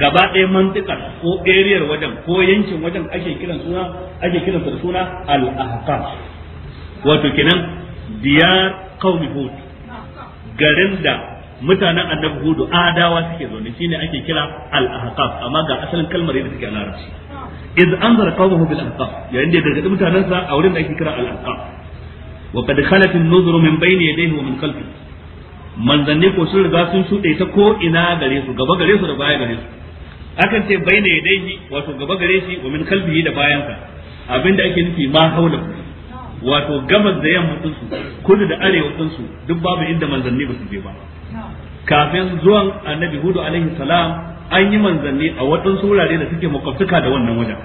gaba ɗaya mantikar ko ariyar wajen ko yankin wajen ake kiran suna ake kiran su suna al-ahqaf wato kenan diyar qaumi hud garin da mutanen annabi hudu adawa suke zaune shine ake kira al-ahqaf amma ga asalin kalmar yadda take a larabci iz anzara qawmuhu bil ahqaf yayin da ya gargadi mutanensa a wurin da ake kira al-ahqaf wa qad khalat an-nuzuru min bayni yadayhi wa min khalfihi manzanni ko sun riga sun shuɗe ta ko ina gare su gaba gare su da baya gare su akan ce bayna yadayhi wato gaba gare shi wa min khalfihi da bayan bayansa abinda ake nufi ma haula wato gabas da yamma sun su kudu da arewa sun su duk babu inda manzanni ba su je ba kafin zuwan annabi hudu alaihi salam an yi manzanni a wadun surare da suke makwabtuka da wannan wajen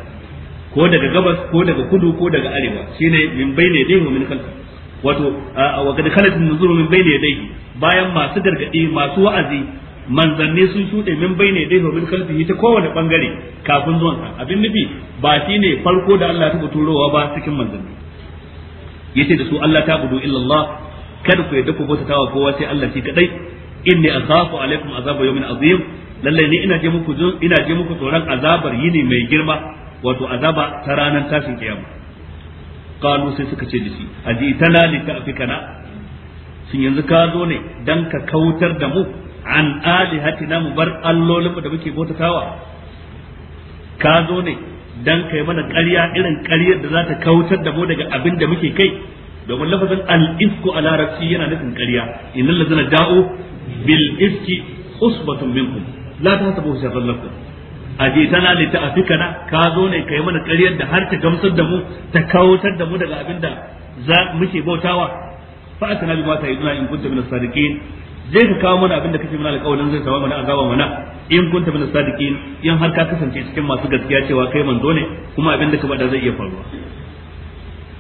ko daga gabas ko daga kudu ko daga arewa shine min bayne yadayhi wa min khalfi wato wa kad khalat nuzuru min bayne yadayhi bayan masu gargadi masu wa'azi manzanni sun shuɗe min bayne yadayhi wa min khalfihi ita kowane bangare kafin zuwan sa abin nufi ba shine farko da Allah ta turowa ba cikin manzanni yace da su Allah ta budu illallah kada ku yadda ku bautawa kowa sai Allah shi kadai inni akhafu alaikum azaba yawmin azim lalle ni ina je muku ina je muku tsoron azabar yini mai girma wato azaba ta ranar tashin kiyama qalu sai suka ce dashi ajitana kana? sun yanzu ka zo ne dan ka kautar da mu an alihatina mu bar allolin mu da muke bautatawa ka zo ne dan kai mana ƙarya irin ƙaryar da za ta kautar da mu daga abin da muke kai domin lafazin al-ifku a larabci yana nufin ƙarya innal ladzina da'u bil ifki usbatun minkum la tahsabu sharran lakum tana li kana ka zo ne kai mana ƙaryar da har ta gamsar da mu ta kawutar da mu daga abin da za muke bautawa fa atana yi ta'iduna in kunta min sadiqin zai ka kawo mana abin da kake mana alƙawarin zai samu mana azaba mana in kunta min sadiqin in har ka kasance cikin masu gaskiya cewa kai manzo ne kuma abin da ka bada zai iya faruwa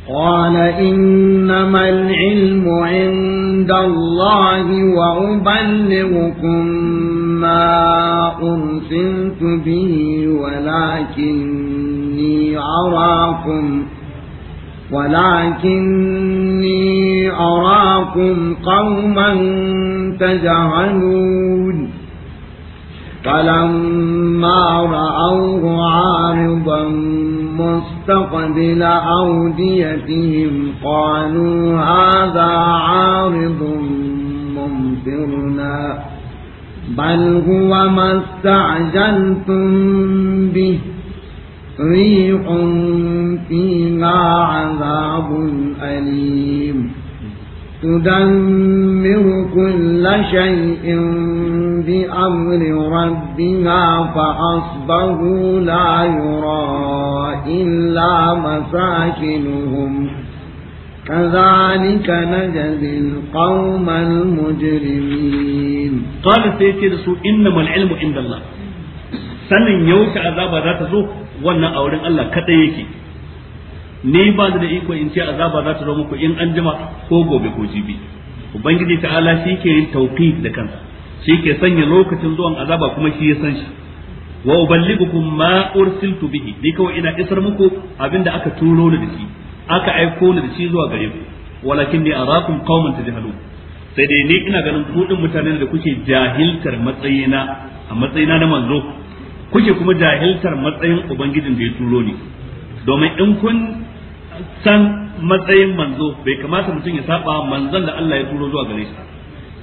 قال إنما العلم عند الله وأبلغكم ما أرسلت به ولكني أراكم ولكني أراكم قوما تجهلون فلما رأوه عارضا مستقبل أوديتهم قالوا هذا عارض ممطرنا بل هو ما استعجلتم به ريح فيها عذاب أليم تدمر كل شيء بأمر ربها فأصبحوا لا يرى إلا مساكنهم كذلك نجزي القوم المجرمين قال سيتي رسول إنما العلم
عند الله sanin yaushe azaba za ta zo wannan auren Allah kadai yake ni ba da iko in ce azaba za ta zo muku in an jima ko gobe ko jibi ubangiji ta'ala shi ke yin tauqif da kansa shi ke sanya lokacin zuwan azaba kuma shi ya san shi wa uballigukum ma ursiltu bihi ni kawai ina isar muku abinda aka turo ni da shi aka aiko ni da shi zuwa gare ku walakin ni arakum qauman tajhalu sai dai ni ina ganin kudin mutanen da kuke jahiltar matsayina a matsayina na manzo kuke kuma jahiltar matsayin ubangijin da ya turo ni domin in kun san matsayin manzo bai kamata mutum ya saba manzon da Allah ya turo zuwa gare shi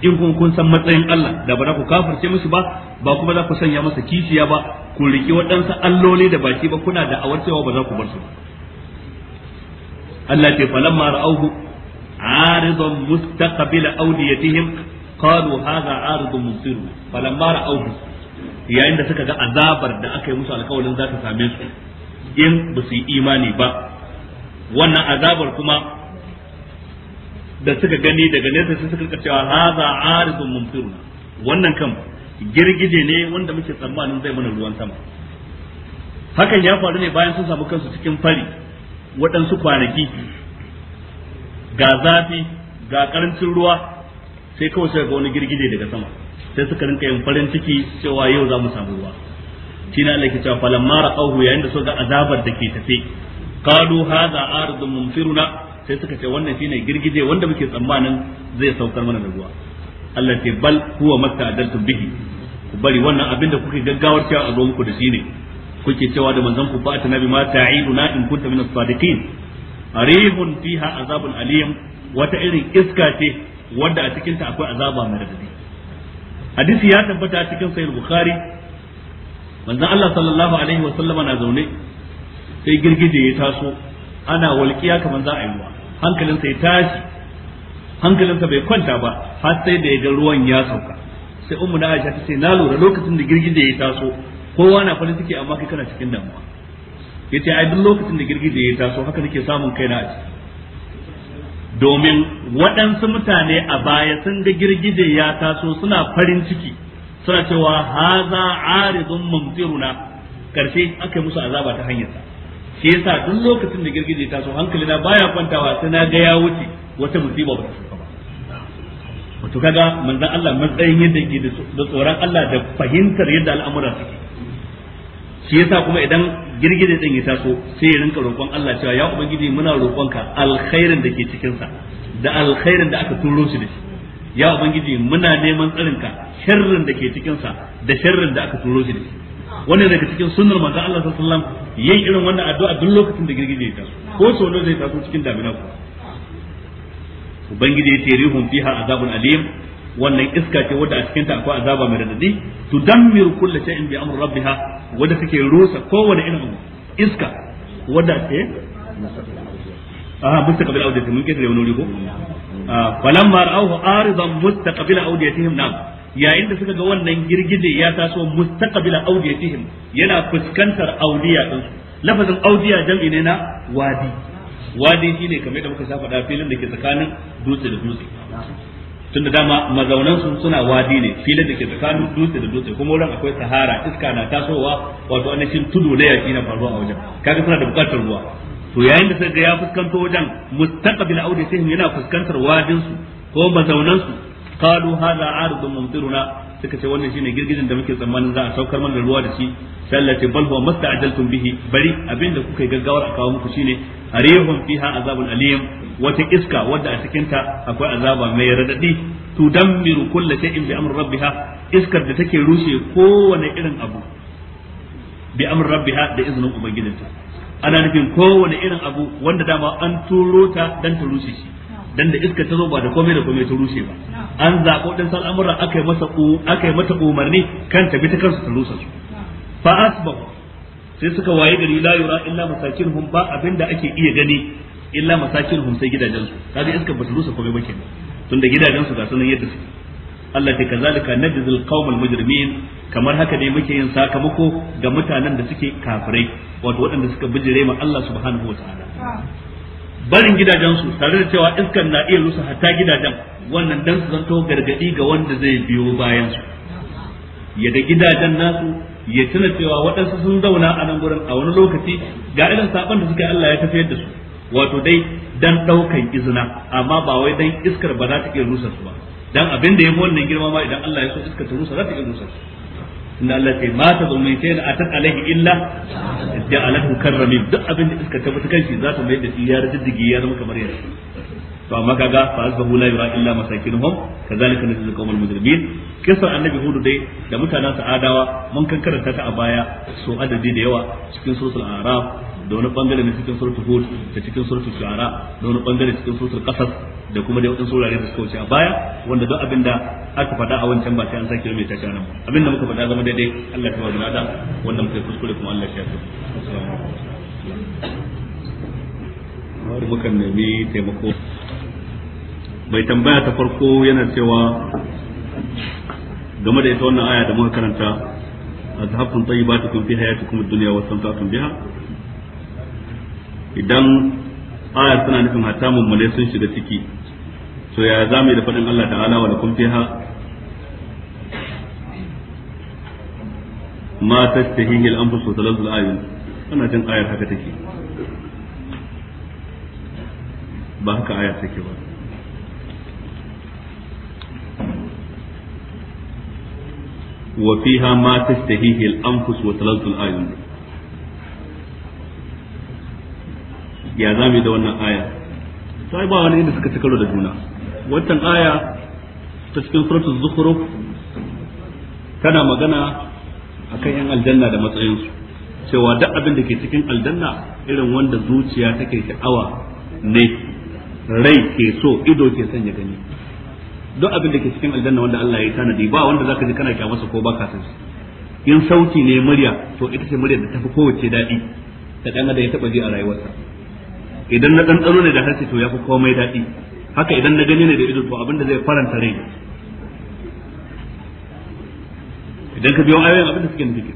in kun kun san matsayin Allah da ba za ku kafirce musu ba ba kuma za ku sanya masa kishiya ba ku riki waɗansu alloli da baki ba kuna da awar cewa ba za ku bar su Allah ce falamma ra'awhu ya mustaqbil awdiyatihim qalu hadha aridun mumtir falamma ra'awhu yayin da suka ga azabar da aka yi musu alƙawarin za ta same su in ba su yi imani ba wannan azabar kuma da suka gani daga nesa sai suka cewa haza arizun mumtiruna wannan kan girgije ne wanda muke tsammanin zai mana ruwan sama hakan ya faru ne bayan sun samu kansu cikin fari waɗansu kwanaki ga zafi ga karancin ruwa sai kawai sai ga wani girgije daga sama sai suka rinka yin farin ciki cewa yau za mu samu ruwa shi na Allah ke cewa falon mara auhu yayin da suka azabar da ke tafe Kadu haza ardun mumtiruna sai suka ce wannan shine girgije wanda muke tsammanin zai saukar mana da ruwa Allah ce bal huwa masta'adaltum bihi ku bari wannan abin da kuke gaggawar cewa a zo muku da shi ne kuke cewa da manzon ku fa'ata nabi ma ta'iduna in kunta minas sadiqin rihun fiha azabun aliyam wata irin iska ce wanda a cikin ta akwai azaba mai radadi hadisi ya tabbata cikin sahih bukhari manzon Allah sallallahu alaihi wa sallama na zaune sai girgije ya taso ana walƙiya kamar za a yi ruwa hankalinsa ya tashi hankalinsa bai kwanta ba har sai da ya ruwan ya sauka sai ummu na Aisha ta ce na lura lokacin da girgije ya taso kowa na farin ciki amma kai kana cikin damuwa yace ai duk lokacin da girgije ya taso haka nake samun kai na ciki domin waɗansu mutane a baya sun ga girgije ya taso suna farin ciki suna cewa haza aridun mumtiruna karshe aka yi musu azaba ta hanyar. shi yasa duk lokacin da girgije ta so hankali na baya kwantawa sai na ga ya wuce wata musiba ba ta shiga ba wato kaga manzon Allah matsayin yadda yake da tsoron Allah da fahimtar yadda al'amura suke shi yasa kuma idan girgije din ya taso sai ya rinka roƙon Allah cewa ya ubangiji muna roƙonka alkhairin da ke cikin sa da alkhairin da aka turo shi da shi ya ubangiji muna neman tsarinka sharrin da ke cikin sa da sharrin da aka turo shi da shi wannan daga cikin sunnar manzo Allah sallallahu alaihi wasallam yayin irin wannan addu'a duk lokacin da girgije ya taso ko sau zai taso cikin damina ku ubangiji ya ce rihum fiha azabun alim wannan iska ce wadda a cikin ta akwai azaba mai radadi tudammiru kulli shay'in bi amri rabbiha wadda take rusa kowane irin iska wadda ce aha mustaqbil awdiyatihim mun kidare wani wuri ko ah, falamma ra'awhu aridan mustaqbil awdiyatihim na'am yayin da suka ga wannan girgije ya taso mustaqbila awdiyatihim yana fuskantar awdiya din lafazin awdiya jam'i ne na wadi wadi shine kamar da muka sha da filin da ke tsakanin dutse da dutse tunda dama mazaunan su suna wadi ne filin da ke tsakanin dutse da dutse kuma wurin akwai sahara iska na tasowa wato annashin tudu da yaki na faruwa a wajen kaga suna da bukatar ruwa to yayin da suka ga ya fuskanto wajen mustaqbila awdiyatihim yana fuskantar wadin su ko mazaunan su qalu hadha aridun mumtiruna suka ce wannan shine girgijin da muke tsammanin za a saukar mana ruwa da shi sallati bal huwa masta'jaltum bihi bari abinda kuka gaggawar a kawo muku shine arihun fiha azabun alim wata iska wadda a cikin ta akwai azaba mai radadi tudammiru kulli shay'in bi amri rabbiha iskar da take rushe kowane irin abu bi amri rabbiha da izinin ubangijinta ana nufin kowane irin abu wanda dama an turo ta dan ta rushe shi dan da iska ta zo ba da komai da komai ta rushe ba an zaɓo ɗin al'amuran aka masa mata umarni kan tafi ta kansu ta rusa su fa asbahu sai suka waye gari la yura illa masakinhum ba abinda ake iya gani illa masakinhum sai gidajen su kaga iska ba ta rusa komai ba kenan tunda gidajen su ga sunan yadda su? Allah ta kazalika najzil qaumal mujrimin kamar haka ne muke yin sakamako ga mutanen da suke kafirai wato waɗanda suka bijire ma Allah subhanahu wa
ta'ala
barin gidajensu tare da cewa iskan na iya rusa hatta gidajen wannan dan su zanto gargadi ga wanda zai biyo bayan su ya da gidajen nasu ya tuna cewa waɗansu sun zauna a nan gurin a wani lokaci ga irin saban da suka Allah ya tafiyar da su wato dai dan ɗaukan izina amma ba wai dan iskar ba za ta iya rusa su ba dan abin da ya fi wannan girma ma idan Allah ya so iskar ta rusa za ta iya rusa su na Allah ce ma ta zaune sai da atat alaihi illa ja'alahu karrami duk abin da iska ta mutu kanshi za ta mai da shi ya riddige ya zama kamar yarda to amma kaga fa azbahu la yura illa masakinuhum kazalika najzil qawmul mujrimin kisar annabi hudu dai da mutanen sa adawa mun kan karanta ta a baya so adadi da yawa cikin suratul araf da wani bangare na cikin suratul hud da cikin suratul shu'ara da wani bangare cikin suratul qasas da kuma da wadansu wurare da suka wuce a baya wanda duk abinda aka fada a wancan ba sai an sake mai tashi nan abinda muka faɗa zama daidai Allah ya tabbata da wanda muka kuskure kuma Allah ya tabbata assalamu alaikum mukan nemi taimako mai tambaya ta farko yana cewa game da ita wannan aya da muka karanta ta kun fi hayatikum ad-dunya wa kun biya? idan aya suna nufin hata mummune sun shiga ciki to ya za mu yi da faɗin Allah ta'ala wa fi ha? ma tashtahihi al-anfus wa talazzu al-ayun ana jin ayar haka take ba haka ayar take ba Wafiha fiha ma tashtahihi al-anfus wa talazzul ayun ya zame da wannan aya sai ba wani inda suka ci karo da juna wannan aya ta cikin suratul zukhruf tana magana akan yan aljanna da matsayinsu cewa duk abin da ke cikin aljanna irin wanda zuciya take sha'awa ne rai ke so ido ke son ya gani duk abin da ke cikin aljanna wanda Allah ya tanadi ba wanda zaka ji kana masa ko baka san shi in sauti ne murya to ita ce murya da tafi kowace daɗi da dan da ya taba ji a rayuwarsa idan na ɗanɗano ne da harshe to yafi komai daɗi haka idan na gani ne da ido to abin da zai faranta rai idan ka biyo ayoyin abin da suke nufi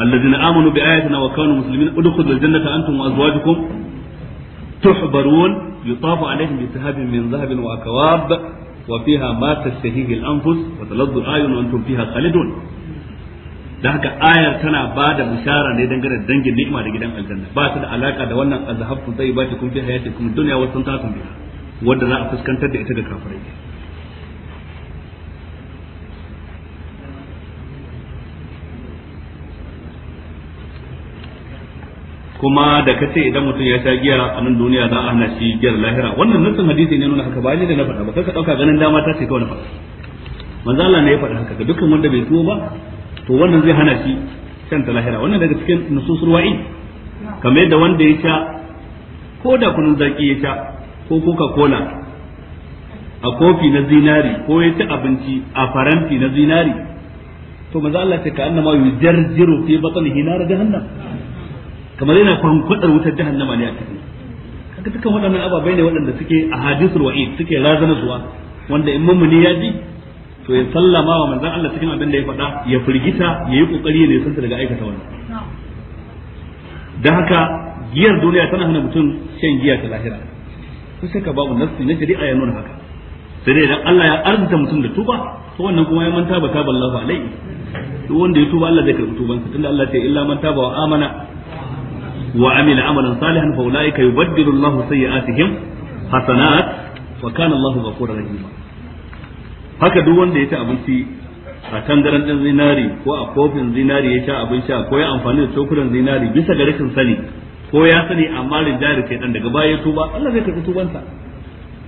الذين آمنوا بآياتنا وكانوا مسلمين ادخلوا الجنة أنتم وأزواجكم تحبرون يطاف عليهم بسهاب من ذهب وأكواب وفيها ما تشتهيه الأنفس وتلظ الأعين وأنتم فيها خالدون da haka ayar tana ba da bishara ne dangane da dangin ni'ima da gidan aljanna ba da alaka da wannan azhabtu tayyibatikum fi wanda za a da ita ga kuma da kace idan mutum ya sha giya a nan duniya za a hana shi giyar lahira wannan nassin hadisi ne nuna haka ba ni da na faɗa ba sai ka dauka ganin dama ta ce kawai na faɗa manzo Allah ne ya faɗa haka ga dukkan wanda bai so ba to wannan zai hana shi shan ta lahira wannan daga cikin nususul wa'i kamar yadda wanda ya sha ko da kunun zaki ya sha ko coca cola a kofi na zinari ko ya ci abinci a faranti na zinari to manzo Allah ce ka annama yujarjiru fi batnihi nar jahannam kamar yana kwankwadar wutar jahannama ne a cikin haka dukan waɗannan ababai ne waɗanda suke a hadisul wa'id suke razana zuwa wanda in mummuni ya ji to ya sallama wa manzon Allah cikin abin da ya faɗa ya firgita ya yi kokari ne san daga aikata wannan dan haka giyar duniya tana hana mutum shan giya ta lahira kusa ka babu nasu na shari'a ya nuna haka sai dai idan Allah ya arzuta mutum da tuba to wannan kuma ya manta ba taba Allah alai duk wanda ya tuba Allah zai karɓi tubansa tunda Allah ya ce illa man taba wa amana wa amila amalan salihan fa ulaika yubaddilu Allahu sayyi'atihim hasanat wa kana Allahu ghafurur rahim haka duk wanda ya ci abinci a tangaran din zinari ko a kofin zinari ya sha abin sha ko ya amfani da cokulan zinari bisa ga rashin sani ko ya sani amma jari sai dan daga baya ya tuba Allah zai karɓi tubansa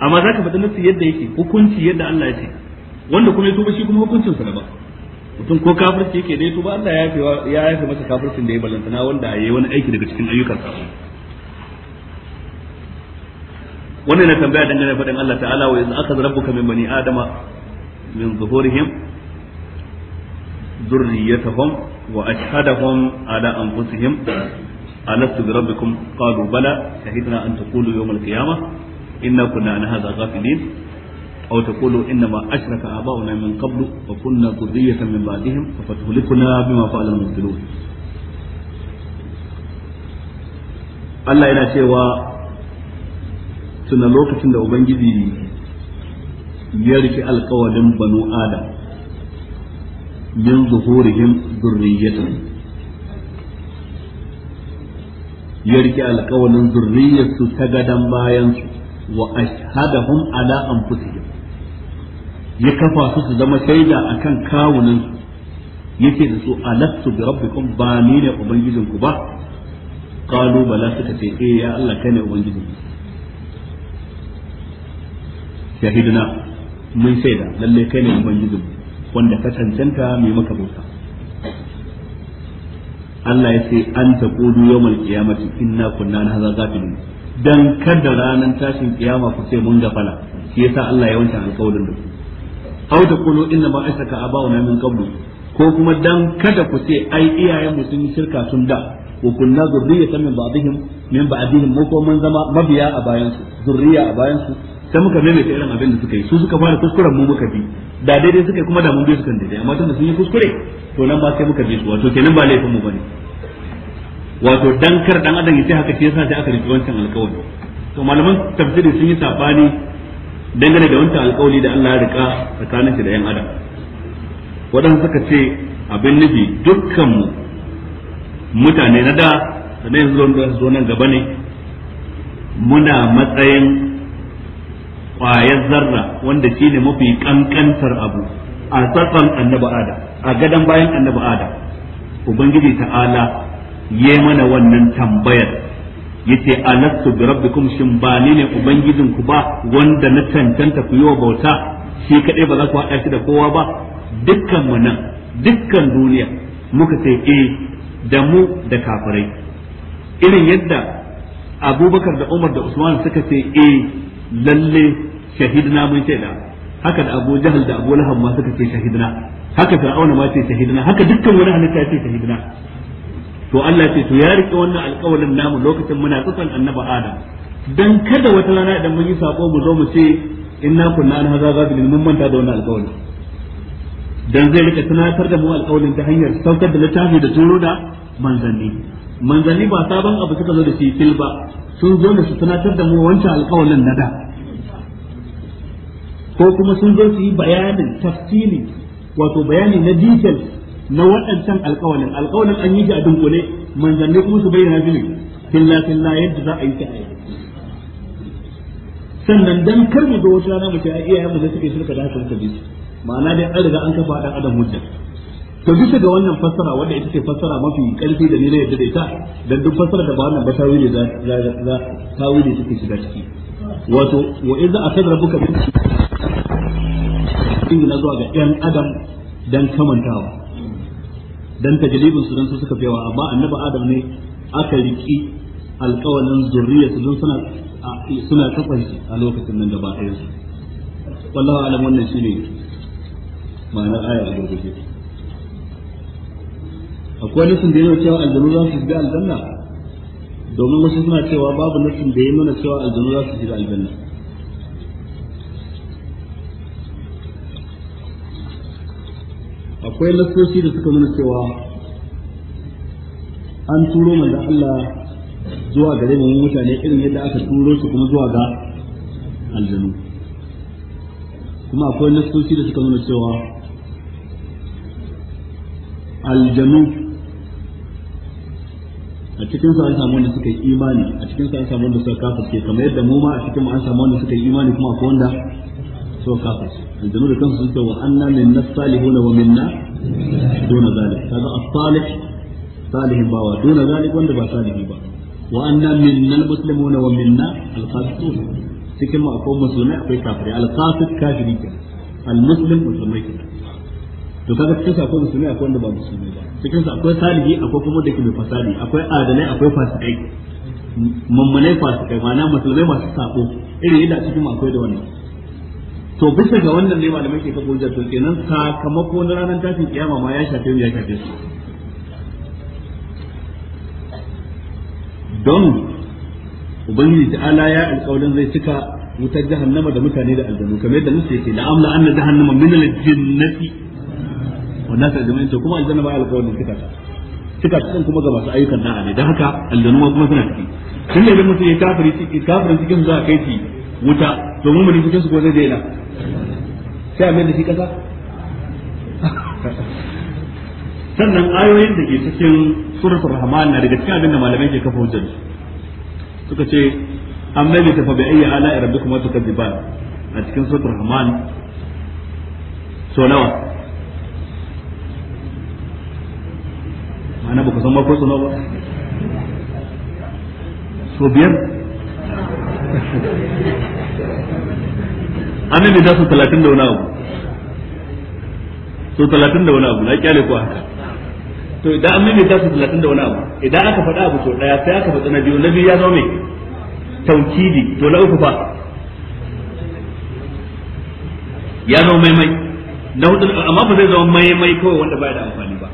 amma zaka faɗi nasi yadda yake hukunci yadda Allah ya ce wanda kuma ya tuba shi kuma hukuncin sa ba. mutum ko kafirci yake dai tuba Allah ya yafewa ya yafe masa kafircin da ya balantana wanda yi wani aiki daga cikin ayyukan sa wannan na tambaya dangane faɗin Allah ta'ala wa yanzu aka rabbuka min bani adama min zuhurihim ذريتهم وأشهدهم على أنفسهم ألست بربكم قالوا بلى شهدنا أن تقولوا يوم أو تقولوا إنما أشرك آباؤنا من قبل وكنا ذرية من بعدهم فتهلكنا بما فعل المبطلون Allah yana cewa tuna lokacin da Ubangiji ya rike alƙawarin banu Adam min zuhurihim ya rike alkawalin zurriyarsu ta gadon bayansu wa ashhadahum ala anfusihim ya kafa su su zama shaida a kan kawunan ya yake da su alastu bi rabbikum ba ni ne ba ku ba qalu bala suka ce eh ya Allah kai ne ubangijin shahiduna mun shaida lalle kai ne ubangijin wanda ka cancanta mai maka bauta Allah ya ce an ta kudu mai kiyamaci inna kunna na hadha ghafilun dan kada ranar tashin kiyama ku ce mun gafala shi yasa Allah ya wancan alƙawarin da ku aw da qulu inna ma asaka na min qablu ko kuma dan kada ku ce ai iyayen mu sun yi shirka tun da wa kunna zurriyatan min ba'dihim min ba'dihim mu ko mun zama mabiya a bayan su zurriya a bayan su sai muka ta irin abin da suka yi su suka fara kuskuren mu muka bi da daidai suka kuma da mun bi su kan daidai amma tunda sun yi kuskure to nan ba sai muka bi su wato kenan ba laifin mu bane wato dan kar dan adam ya ce haka shi yasa sai aka rufe wancan alƙawari to malaman tafsiri sun yi sabani dangane da wancan alkawali da Allah ya rika tsakanin shi da yan adam wadanda suka ce abin nufi dukkan mutane na da yanzu na da zo nan gaba ne muna matsayin kwayar zarra wanda shi ne mafi kankantar abu a tsakan annabi adam a gadon bayan annabi adam ubangiji ta'ala ya mana wannan tambayar yace alastu bi rabbikum shin ba ni ne ubangijin ku ba wanda na tantanta ku yi wa bauta shi kadai ba za ku haɗa shi da kowa ba dukkan mu nan dukkan duniya muka ce eh da mu da kafirai irin yadda abubakar da umar da usman suka ce eh lalle shahidna mun ce da haka da abu jahal da abu lahab ma suka ce shahidna haka fir'auna ma ce shahidna haka dukkan wani halitta ya ce shahidna to Allah ce to ya rike wannan alƙawarin namu lokacin muna tsatsan annabi adam dan kada wata rana idan mun yi sako mu zo mu ce inna kunna an haza ghafilin mun manta da wannan alƙawari dan zai rika tunatar da mu alƙawarin ta hanyar saukar da littafi da turo da manzanni manzanni ba sabon abu suka zo da shi fil ba sun zo da su tunatar da mu wancan alƙawarin na da ko kuma sun zo su yi bayanin tafsili wato bayani na details na waɗancan alƙawalin alƙawalin an yi shi a dunkule manzanni kuma su bayyana shi ne filla filla yadda za a yi ta ayyuka sannan dan kar mu zo wata rana mu ce ai iyayen mu da suke shirka da haka bi ma'ana dai an riga an kafa dan adam mudda to bisa ga wannan fassara wanda ita ce fassara mafi ƙarfi da ni na yadda da ita dan duk fassara da ba wannan ba tawili za za tawili take shiga ciki wato wa idza akhadha rabbuka bi na zuwa ga yan adam dan kamantawa dan tajlibin su dan su suka fiyawa amma annabi adam ne aka riki alƙawalin zurriya su don suna suna kafan a lokacin nan da ba ɗaya su wallahi alam wannan shine ma'anar aya a gurguje akwai nufin da yana cewa aljanu za su shiga aljanna domin wasu suna cewa babu nufin da ya nuna cewa aljanu za su shiga aljanna akwai lakoci da suka nuna cewa an turo manzo Allah zuwa gare mu mutane irin yadda aka turo su kuma zuwa ga aljanu kuma akwai lakoci da suka nuna cewa aljanu a cikin su an samu wanda suka yi imani a cikin su an samu wanda suka ke kamar yadda mu ma a cikin mu an samu wanda suka yi imani kuma akwai wanda so kafir aljanu ba salihi ba wa kaga cikin sa akwai akwai wanda ba ba cikin sa akwai salihi akwai kuma da ke akwai adalai akwai fasikai mummunai fasikai ma'ana musulmai masu sako irin yadda cikin akwai da wannan to bisa ga wannan ne malamai ke kafa hujjar to kenan sakamako na ranar tashin kiyama ma ya shafe mu ya shafe su don ubangiji ta'ala ya alƙawarin zai cika wutar jahannama da mutane da aljanu kamar yadda musu yake la amla anna jahannama min al-jinnati wa nas ajma'in to kuma aljanna ba alƙawarin cika ta cika ta kuma ga masu ayyukan da ne dan haka aljanu kuma suna ciki tun da mutum ya kafiri cikin kafirin cikin za a kai shi wuta to mun mun cikin su ko zai daina sai a da shi kasa sannan ayoyin da ke cikin suratul rahman na daga cikin abinda malamai ke kafa hujjar suka ce amma bi tafa bi ayyi ala rabbikum tukadziban a cikin suratul rahman so nawa ma'ana ba ku san ma ko so biyar annabi da su talatin da wani abu so talatin da wani abu na kyale ko haka to idan annabi maimaita su talatin da wani abu idan aka faɗa abu to ɗaya sai aka faɗi na biyu na biyu ya zo mai taukidi to na uku fa ya mai mai na hudu amma ba zai zama mai kawai wanda baya da amfani ba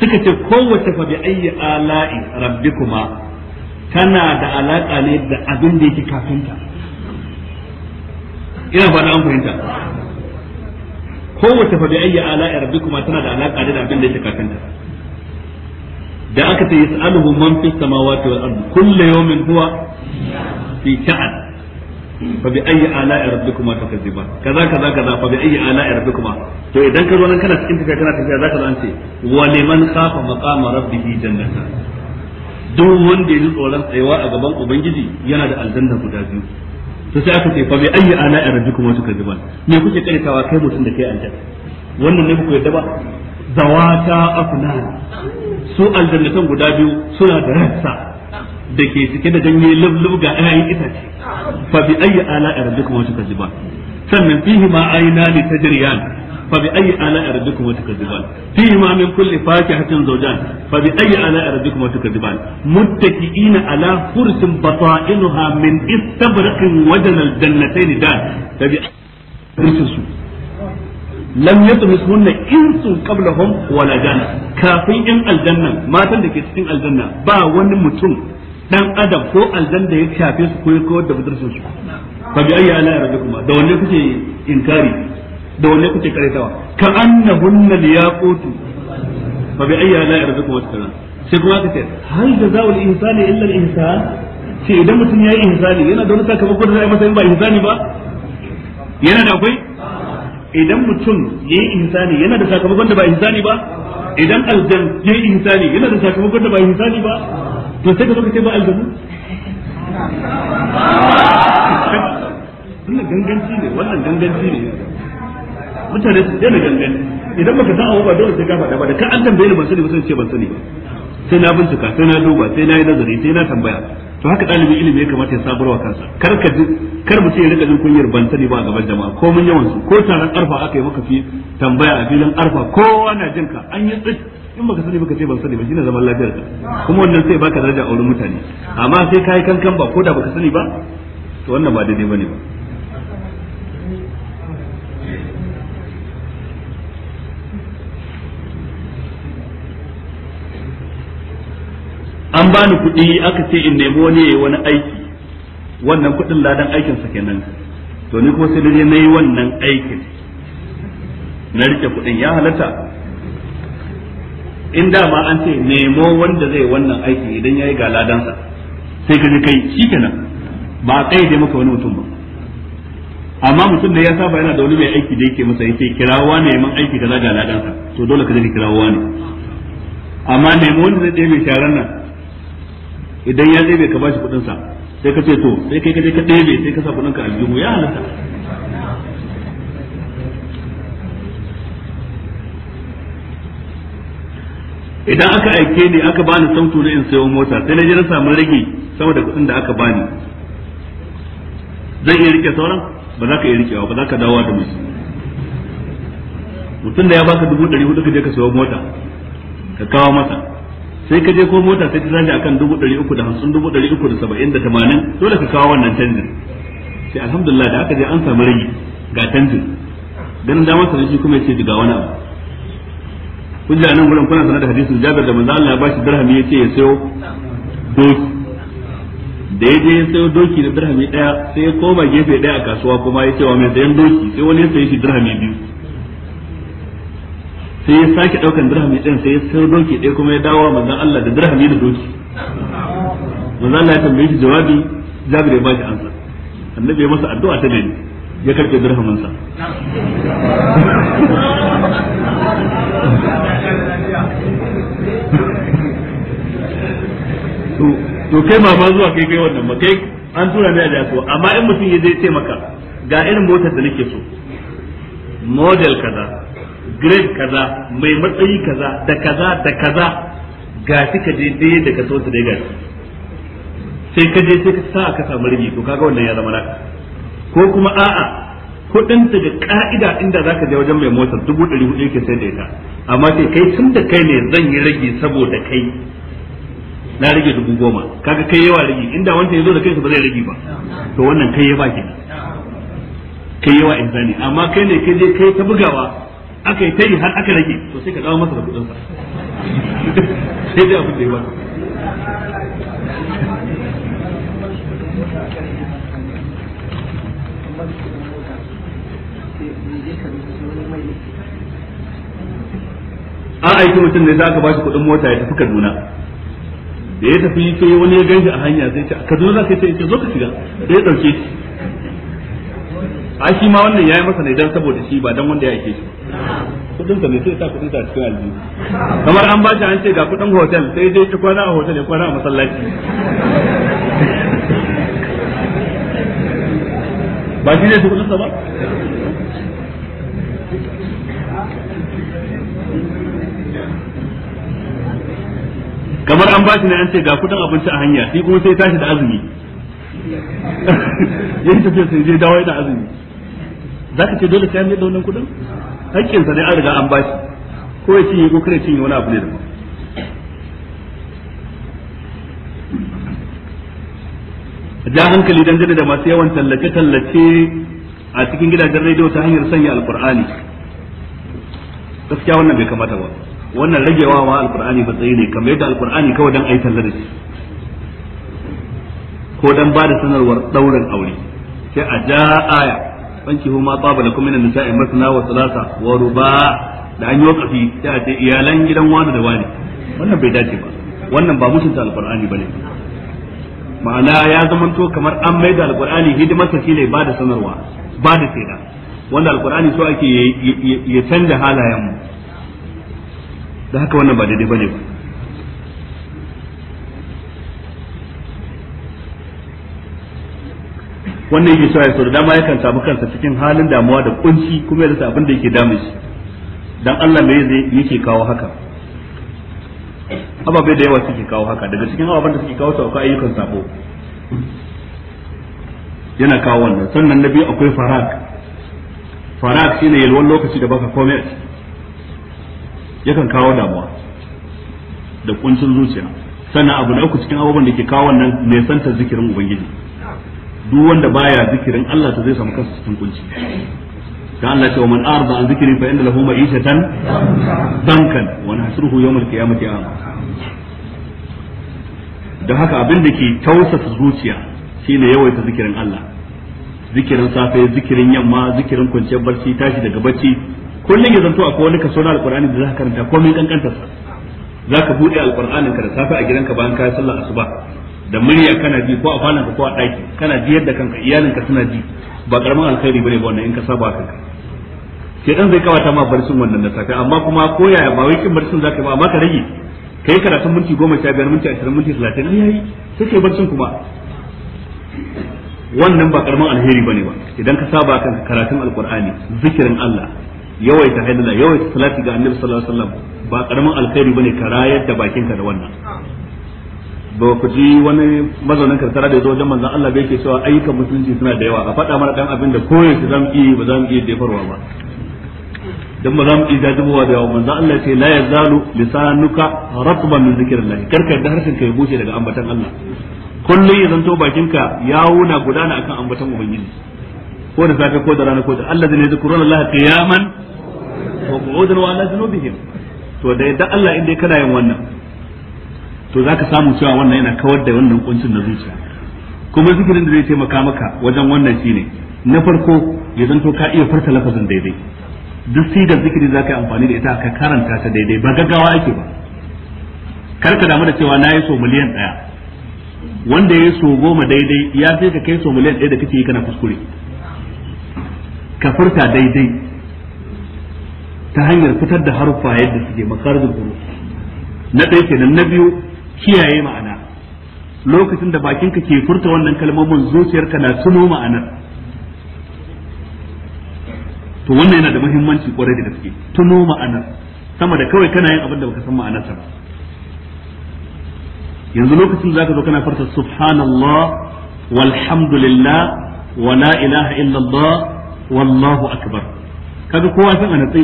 suka ce kowace fa bi ayyi ala'i rabbikuma tana da alaka ne da abin da yake kafinta ina ba an fahimta kowace fa bi ayyi ala'i rabbikuma tana da alaka ne da abin da yake kafinta da aka ce yas'aluhu man fi samawati wal ardi kullu yawmin huwa fi sha'an fa bi ayyi ala'i rabbikuma tukazziban kaza kaza kaza fa bi ayyi ala'i rabbikuma to idan ka zo nan kana cikin tafiya kana tafiya zaka zo an ce wa liman khafa maqama rabbihi jannatan duk wanda ya ji tsoron tsayawa a gaban ubangiji yana da aljanna guda biyu to sai aka ce fa bi ayyi ala rabbikum suka kajiban me kuke karkatawa kai mutum da kai aljanna wannan ne kuke yadda ba zawata afnan su aljannatan guda biyu suna da rassa da ke cike da ganye lublub ga ayan itace fa bi ayyi ala suka wasu kajiban sannan fihi ma ayna li tajriyan فبأي آلاء ربكما تكذبان فيهما من كل فاكهة زوجان فبأي آلاء ربكما تكذبان متكئين على فرس بطائنها من استبرق وجن الجنتين دان فبأي lam yatmismunna insun qablahum wala jan kafin in aljanna matan da ke cikin aljanna ba wani mutum dan adam ko aljan da ya shafe su ko da budurcin ayyi ala kuke inkari da wanne kuke karetawa ka annahunna liyaqutu fa bi ayyi ala yarzuqu wasara sai kuma ka ce a wani insa illa al insa sai idan mutum ya yi ihsani yana da wani sakamako da zai masa in ba ihsani ba yana da akwai idan mutum ya yi ihsani yana da sakamakon da ba ihsani ba idan aljan ya yi ihsani yana da sakamakon da ba ihsani ba to sai ka zo ka ce ba aljanu wannan ganganci ne wannan ganganci ne mutane su daina gangan idan baka san abubuwa dole sai ka faɗa ba da ka an tambaye ni ban sani ba sai ce ban sani ba sai na bincika sai na duba sai na yi nazari sai na tambaya to haka dalibin ilimi ya kamata ya sabarwa kansa kar ka ji kar mu ce ya rika jin kunyar ban sani ba a gaban jama'a ko mun yawan su ko taron arfa aka yi maka fi tambaya a filin arfa kowa na jin ka an yi tsit in baka sani baka ce ban sani ba shine zaman lafiyar ka kuma wannan sai baka daraja a wurin mutane amma sai kai kankan ba ko da baka sani ba to wannan ba daidai bane ba an bani kuɗi aka ce in nemi wani yayi wani aiki wannan kuɗin ladan aikin sa kenan to ni ko sai dai yi wannan aikin na rike kuɗin ya halatta in dama an ce nemo wanda zai wannan aiki idan ya yi ga ladansa sai ka kai shi kenan ba kai dai maka wani mutum ba amma mutum da ya saba yana da wani mai aiki da yake masa yake kirawa ne man aiki da ga ladansa to dole ka je kirawa ne amma nemo wanda zai ɗaya mai sharan nan idan ya ɗebe ka bashi kuɗin sa sai ka ce to sai kai ka ka ɗebe sai ka sa kuɗinka ka aljihu ya halatta idan aka aike ni aka bani sautu na in sayo mota sai na je na samu rage saboda kuɗin da aka bani zan iya rike sauran ba za ka iya rikewa ba za ka dawo da mai mutum da ya baka dubu ɗari hudu ka je ka sayo mota ka kawo masa sai ka je ko mota sai ta a akan dubu ɗari uku da hamsin dubu ɗari uku da saba'in da tamanin dole ka kawo wannan canjin sai alhamdulillah da aka je an samu rage ga canjin ganin damar sanar shi kuma ya ce ga wani abu kun ji a nan gurin kuna sanar da hadisin jabir da manzo Allah ya bashi darhami ya ce ya sayo doki da ya je ya sayo doki da darhami daya sai ya koma gefe daya a kasuwa kuma ya ce wa mai sayan doki sai wani ya sayi shi darhami biyu sai ya sake daukan dirhami din sai ya sayo doki dai kuma ya dawo manzon Allah da dirhami da doki manzon Allah ya tambaye shi jawabi Jabir ya ba shi amsa annabi ya masa addu'a ta dani ya karɓe dirhamin sa to kai ma ba zuwa kai kai wannan ba kai an tura ne da so amma in mutum ya je ce maka ga irin motar da nake so model kaza grade kaza mai matsayi kaza da kaza da kaza ga shi ka je dai da kaso su dai ga sai ka je sai ka sa ka samu rabi to kaga wannan ya zama naka ko kuma a'a kudin da ka'ida inda ka je wajen mai motar dubu ɗari hudu yake sai da ita amma sai kai tun da kai ne zan yi rage saboda kai na rage dubu goma kaga kai yawa rage inda wancan ya zo da kai ba zai rage ba to wannan kai ya baki kai yawa inzani amma kai ne kai je kai ta bugawa aka yi yi har aka rage to sai ka dawo masa da kudin sa sai dai abin da ya ba an aiki mutum ne za ka bashi kuɗin mota ya tafi Kaduna da ya tafi sai wani ya ganshi a hanya sai ce a Kaduna za ka ce zo ka shiga sai ya ɗauke shi a shi ma wannan yayi masa ne dan saboda shi ba dan wanda ya yake shi kudin ka ne sai ta kudin sa cikin aljihu kamar an shi an ce ga kudin hotel sai dai ta kwana a hotel ya kwana a masallaci
ba shi ne kudin
sa ba kamar an shi ne an ce ga kudin abinci a hanya shi kuma sai tashi da azumi
yin
tafiya sai je dawai da azumi Za ka ce dole sai an yi da kuɗin? kudin hakkinsa ne an riga an bashi ko ya cinye ko kare cinye wani abu ne A ja hankali dangane da masu yawan tallace-tallace a cikin gidajen rediyo ta hanyar sanya alkur'ani gaskiya wannan bai kamata ba wannan ragewa ma alkur'ani tsaye ne kamar yadda alkur'ani kawai don ayi talla da ko don ba da sanarwar ɗaurin aure sai a ja aya fankihu ma taba lakum minan nisa'i masna wa thalatha wa ruba' da an yi wakafi sai a ce iyalan gidan wani da wani wannan bai dace ba wannan ba mutunta alqur'ani bane ma'ana ya zamanto kamar an mai da alqur'ani hidimarsa shine ba da sanarwa ba da saida wanda alqur'ani so ake ya canja halayen mu da haka wannan ba daidai bane ba wannan yake so ya so da dama yakan samu kansa cikin halin damuwa da kunci kuma ya rasa abin da yake damun shi dan Allah me zai yake kawo haka ababe da yawa suke kawo haka daga cikin ababen da suke kawo sauka ayyukan sabo yana kawo wannan sannan na biyu akwai farak farak shine yalwan lokaci da baka komai yakan kawo damuwa da kuncin zuciya sannan abu na uku cikin abubuwan da ke kawo wannan ne santa zikirin ubangiji duk wanda baya zikirin Allah to zai samu kansa cikin kunci da Allah ce wa man arda an zikri fa inna lahu ma'ishatan dankan wa nasruhu yawm al-qiyamati a'ma dan haka abin da ke tausasa zuciya shine yawaita zikirin Allah zikirin safe zikirin yamma zikirin kwanciyar barci tashi daga bacci kullum ya zanto akwai wani kaso na alqur'ani da zaka karanta komai kankantar sa zaka bude alqur'anin ka da safe a gidanka bayan ka sallar asuba da murya kana ji ko a falon ka ko a daki kana ji yadda kanka iyalinka suna ji ba karaman alkhairi bane ba wannan in ka saba kanka sai dan zai kawata ma barcin wannan da safe amma kuma ko yaya ba wai kin barcin zaka ba amma ka rage kai karatun minti goma sha biyar minti ashirin minti talatin an yayi sai kai barcin kuma wannan ba karaman alheri bane ba idan ka saba kanka karatun alqur'ani zikirin Allah yawaita haidala yawaita salati ga annabi sallallahu alaihi wasallam ba karaman alkhairi bane ka rayar da bakinka da wannan ba ku ji wani mazaunin karkara da ya zo wajen manzon Allah bai ke cewa ayyukan musulunci suna da yawa a faɗa mana dan abin da koyaushe zamu iya ba za iya jefarwa ba dan ba zamu mu iya jajibowa da yawa manzon Allah ce la yazalu lisanuka ratban min zikrillah karkar da harshen ka ya bushe daga ambatan Allah kullum ya zanto bakinka ya wuna gudana akan ambatan ubangiji ko da safe ko da rana ko da Allah zai zikrun Allah qiyaman wa qu'udan wa ala junubihim to da yadda Allah inda kana yin wannan to za ka samu cewa wannan yana kawar da wannan kuncin na zuciya kuma zikirin da zai taimaka maka wajen wannan shine na farko ya zanto ka iya farta lafazin daidai duk da zikiri zaka yi amfani da ita ka karanta ta daidai ba gaggawa ake ba kar ka damu da cewa na yi so miliyan ɗaya wanda ya yi so goma daidai ya sai ka kai so miliyan ɗaya da kake yi kana kuskure ka furta daidai ta hanyar fitar da haruffa yadda suke makarajin huruf na ɗaya kenan na biyu kiyaye ma'ana lokacin da bakinka ke furta wannan kalmomin zuciyarka na tuno ma'anar to wannan yana da muhimmanci kwarai da gaske tuno ma'anar sama da kawai kana yin abin da baka san ma'anarsa ba yanzu lokacin da zaka zo kana furta subhanallah walhamdulillah wa la ilaha illallah wallahu akbar kaga kowa san a natsi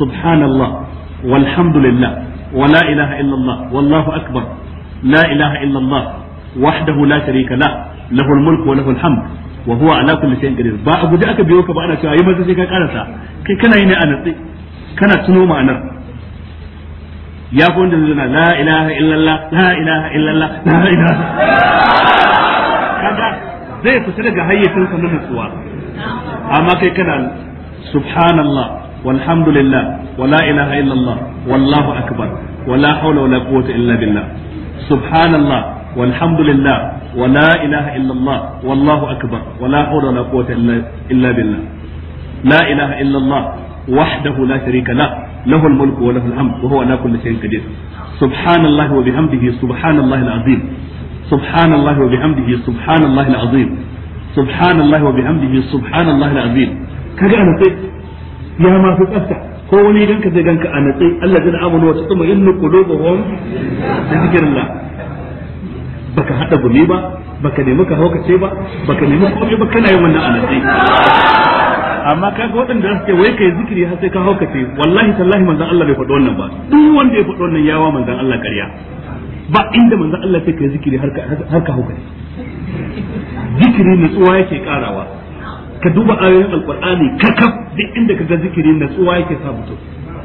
subhanallah walhamdulillah wa la ilaha illallah wallahu akbar لا إله إلا الله وحده لا شريك له له الملك وله الحمد وهو على كل شيء قدير با أبو جاءك بيوك بأنا شو أي مزيد كان قالتا كي كان هنا أنا كان تنو ما أنا يا فوند لا إله إلا الله لا إله إلا الله لا إله kaga zai fita daga hayyacinsa na nutsuwa amma kai kana subhanallah والحمد لله ولا إله إلا الله والله أكبر ولا حول ولا قوة إلا بالله subhanallah walhamdulillah wa la ilaha illallah wallahu akbar wa la hawla wala quwwata illa billah la ilaha illallah wahdahu la sharika la له الملك وله الحمد وهو على كل شيء قدير سبحان الله وبحمده سبحان الله العظيم سبحان الله وبحمده سبحان الله العظيم سبحان الله وبحمده سبحان الله العظيم كجعل يا ما في أفتح ko wani ganka zai ganka a natsi Allah zai amanu wa tsuma innu qulubuhum bi dhikrillah baka hada gumi ba baka nemi ka haukace ba baka nemi komai ba kana yin wannan a natsi amma ka ga waɗanda za su ce wai kai zikiri har sai ka haukace wallahi tallahi manzon Allah bai faɗi wannan ba duk wanda ya faɗi wannan yawa manzon Allah ƙarya ba inda manzon Allah sai kai zikiri har ka haukace zikiri nutsuwa yake karawa ka duba ayoyin alqur'ani kakaf duk inda ka ga zikiri na tsuwa yake sa mutu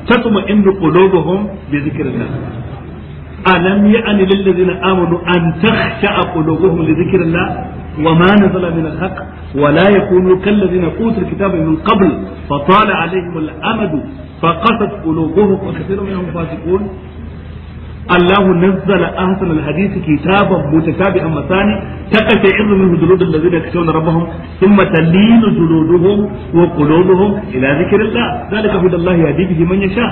tatuma inda qulubuhum bi zikrillah alam ya'ni lil ladina amanu an takhsha qulubuhum li zikrillah wa ma nazala min alhaq wa la yakunu kal ladina qutu alkitaba min qabl fa tala alayhim alamadu fa qasat qulubuhum wa kathirun minhum fasiqun الله نزل أحسن الحديث كتابا متتابعا مثاني تقشعر منه جلود الذين يخشون ربهم ثم تلين جلودهم وقلوبهم إلى ذكر الله ذلك هدى الله يهدي به من يشاء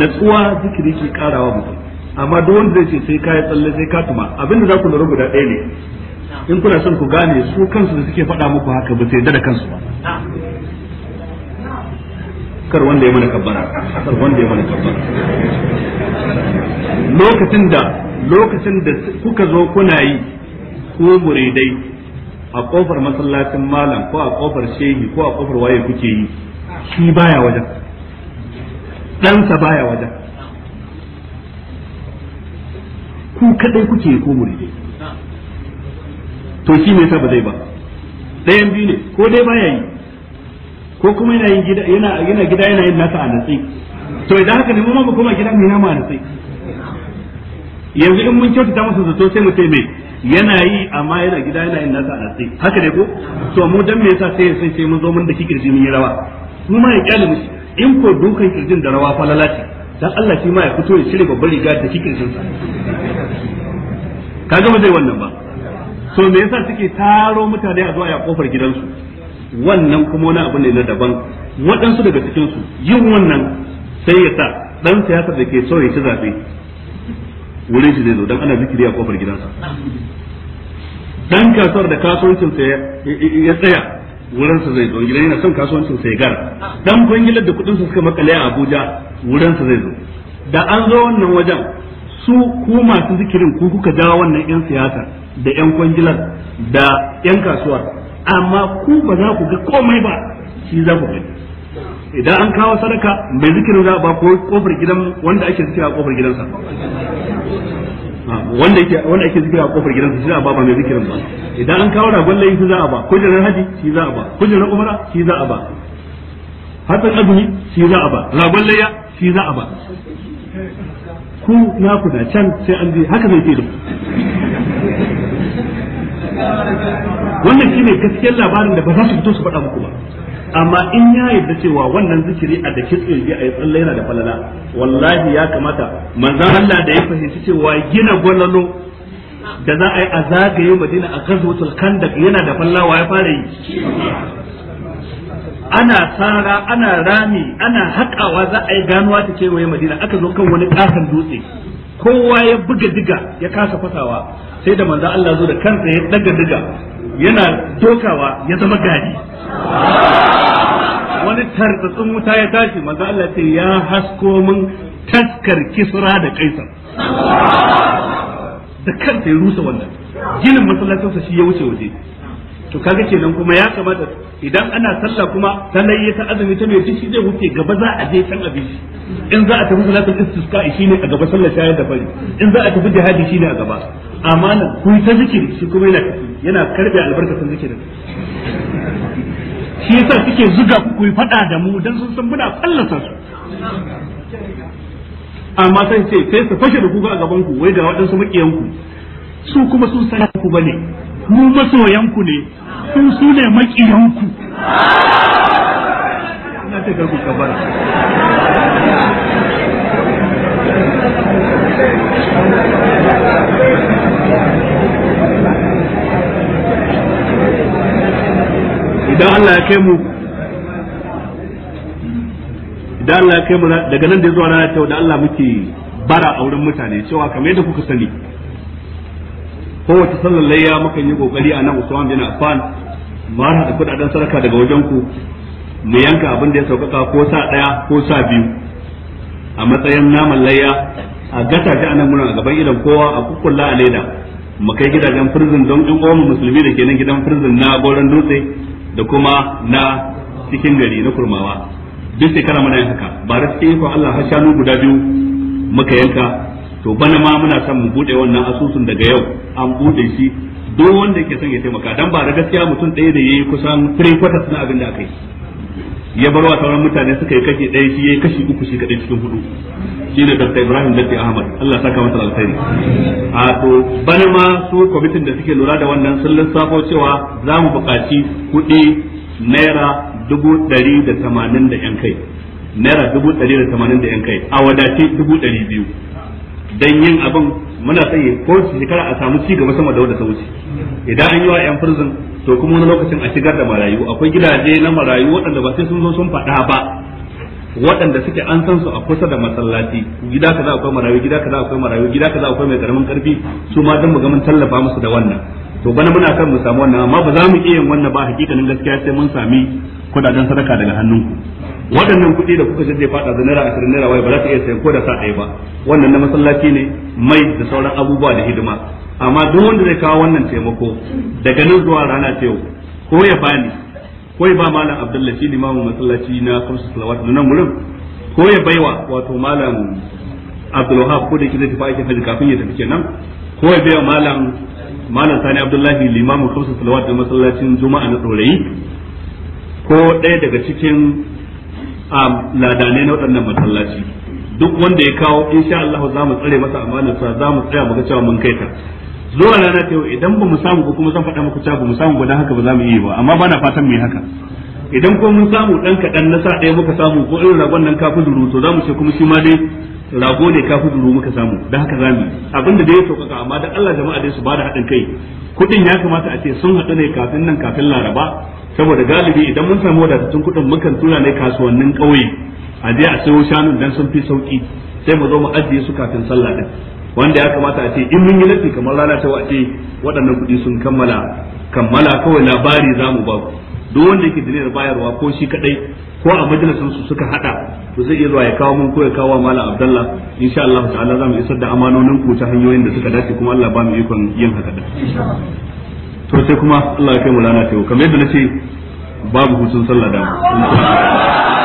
نتوى ذكري في كارا ومتن أما دون ذي sai ka yi tsalle sai ka tuma Abinda za ku lura guda ɗaya ne in kuna son ku gane su kansu da suke faɗa muku haka ba sai da kansu ba kar wanda ya mana lokacin da lokacin da kuka zo kuna yi ko dai a kofar masallacin malam ko a kofar shehi ko a kofar waye kuke yi shi baya wajen ɗansa baya wajen ku kadai kuke yi ko muridai to shi me yasa ba zai ba ɗayan biyu ne ko dai baya yi ko kuma yana yin gida yana gida yana yin nasa a natsi to idan haka ne mu ma kuma koma gida mu yi nama a natsi yanzu in mun kyautata masa zato sai mu taimai yana yi amma yana gida yana yin nasa a sai haka ne ko to mu dan me yasa sai sai sai mun zo mun da kirji mun yi rawa mu ma ya kyale in ko dukan kirjin da rawa falala ce dan Allah shi ma ya fito ya cire babbar riga da kirjin sa kaga ba zai wannan ba to me yasa suke taro mutane a zuwa ya kofar gidansu wannan kuma wani abu ne na daban waɗansu daga cikinsu yin wannan sai ya sa ɗan siyasar da ke so ya ci zaɓe wurin shi zai zo dan ana zikiri a kofar gidansa dan kasuwar da kasuwancin sa ya tsaya wurin sa zai zo gidan yana son kasuwancin sa ya gara dan kwangilar da kudin sa suka makale a Abuja wurin sa zai zo da an zo wannan wajen su ku masu zikirin ku kuka jawo wannan yan siyasa da yan kwangilar da yan kasuwar amma ku ba za ku ga komai ba shi za ku gani idan an kawo sadaka mai zikirin za a ba ko kofar gidan wanda ake zikira a kofar gidansa ah, wanda yake wanda ake zikira a kofar gidansa shi za a ba ba mai zikirin ba idan an kawo ragon layi shi za a ba kujerar haji shi za a ba kujerar umara shi za a ba hatsan azumi shi za a ba ragon layya shi za a ba ku na ku da can sai an je haka zai ce wannan shine gaskiyar labarin da ba za su fito su faɗa muku ba amma in ya yarda cewa wannan zikiri a da kitse bi a tsalle yana da falala wallahi ya kamata manzon Allah da ya fahimci cewa gina gwalalo da za a yi a zagaye Madina a gazwatul Khandaq yana da fallawa ya fara yi ana tsara ana rami ana haƙawa za a yi ganuwa ta kewaye Madina aka zo kan wani ƙasan dutse kowa ya buga diga ya kasa fasawa sai da manza Allah zo da kansa ya daga diga yana dokawa ya zama gadi wani tartsatsin wuta ya tashi maza Allah ce ya hasko min taskar kisra da kaisar da kanta ya rusa wannan ginin masallacinsa shi ya wuce waje to kaga kenan kuma ya kamata idan ana sallah kuma sallai ta azumi ta mai shi zai wuce gaba za a je can abin in za a tafi salatul istisqa ne a gaba sallar shayar da fari in za a tafi jihadi ne a gaba amma nan ku ta zikiri shi kuma yana yana karbe albarkatun zikirin shi yasa suke zuga ku yi faɗa da mu dan sun san muna fallasa su amma sai ce sai su fashe da ku a gaban ku wai da waɗansu makiyan ku su kuma sun san ku bane mu masoyan ku ne su su ne makiyan ku
na ta garku kabara Thank you.
idan Allah ya kai mu idan Allah ya kai mu daga nan da zuwa rana ta da Allah muke bara a wurin mutane cewa kamar yadda kuka sani kowace sallar layya muka yi kokari a nan Usman bin Affan ba da kudaden sarka daga wajen ku mu yanka abin da ya sauƙaƙa ko sa ɗaya ko sa biyu a matsayin naman layya a gata ta anan muna a gaban idan kowa a kukkulla a leda mu kai gidajen prison don in musulmi da ke nan gidan prison na goron dutse da kuma na cikin gari na kurmawa duk shekara muna yin haka ba da cikin ikon Allah har shanu guda biyu muka yanka to bana ma muna son mu bude wannan asusun daga yau an bude shi duk wanda yake son ya taimaka dan ba da gaskiya mutum ɗaya da yayi kusan 3 quarters na abin da aka yi ya bar wa sauran mutane suka yi kashi ɗaya shi ya yi kashi uku shi kaɗai cikin hudu shi ne dr ibrahim datti ahmad allah saka masa alkhairi a to bana ma su kwamitin da suke lura da wannan sun lissafo cewa za mu buƙaci kuɗi naira dubu ɗari da tamanin da yan kai naira dubu ɗari da tamanin da yan kai a wadace dubu ɗari biyu don yin abin muna tsaye ko shekara a samu ci gaba sama da wanda ta wuce idan an yi wa yan prison to kuma wani lokacin a shigar da marayu akwai gidaje na marayu waɗanda ba sai sun zo sun faɗa ba waɗanda suke an san su a kusa da masallaci gida kaza akwai marayu gida kaza akwai marayu gida kaza akwai mai karamin karfi su ma dan mu ga mun tallafa musu da wannan to bana muna son mu samu wannan amma ba za mu iya yin wannan ba hakikanin gaskiya sai mun sami kudaden sadaka daga hannunku waɗannan kuɗi da kuka shirya faɗa da naira ashirin naira wai ba za ta iya sayan ko da sa ɗaya ba wannan na masallaci ne mai da sauran abubuwa da hidima amma duk wanda zai kawo wannan taimako daga nan zuwa rana ta yau ko ya bani ko ya ba malam abdullahi shi limamin masallaci na kamsu salawat na nan wurin ko ya baiwa wato malam abdulwahab ko da yake zai tafi aikin hajji kafin ya tafi kenan ko ya baiwa malam malam sani abdullahi limamu kamsu salawat na masallacin juma'a na tsorayi ko ɗaya daga cikin A ladanai na waɗannan masallaci duk wanda ya kawo insha Allah za mu tsare masa amanar sa za mu tsaya muka cewa mun kai ta zuwa rana ta yau idan ba mu samu ko kuma zan faɗa muku cewa ba mu samu ba dan haka ba za mu yi ba amma bana fatan mai yi haka idan ko mun samu dan kaɗan na sa ɗaya muka samu ko irin ragon nan kafi duru to za mu ce kuma shi ma dai rago ne kafi duru muka samu dan haka za mu abinda dai ya sauƙaƙa amma dan Allah jama'a dai su bada haɗin kai kuɗin ya kamata a ce sun haɗu ne kafin nan kafin Laraba saboda galibi idan mun samu wadatattun kuɗin mukan tura ne kasuwannin ƙauye a je a sayo shanu dan sun fi sauki sai mu zo mu ajiye su kafin sallah din wanda ya kamata a ce in mun yi lafi kamar rana ta wace waɗannan kuɗi sun kammala kammala kawai labari za mu ba ku duk wanda yake da bayarwa ko shi kadai ko a majalisar su suka hada to zai iya zuwa ya kawo mun ko ya kawo mala abdullah insha Allah ta'ala za mu isar da amanonin ku ta hanyoyin da suka dace kuma Allah ba mu ikon yin haka da to sai kuma Allah ya kai mu lana ta yau kamar yadda nace babu hutun sallah da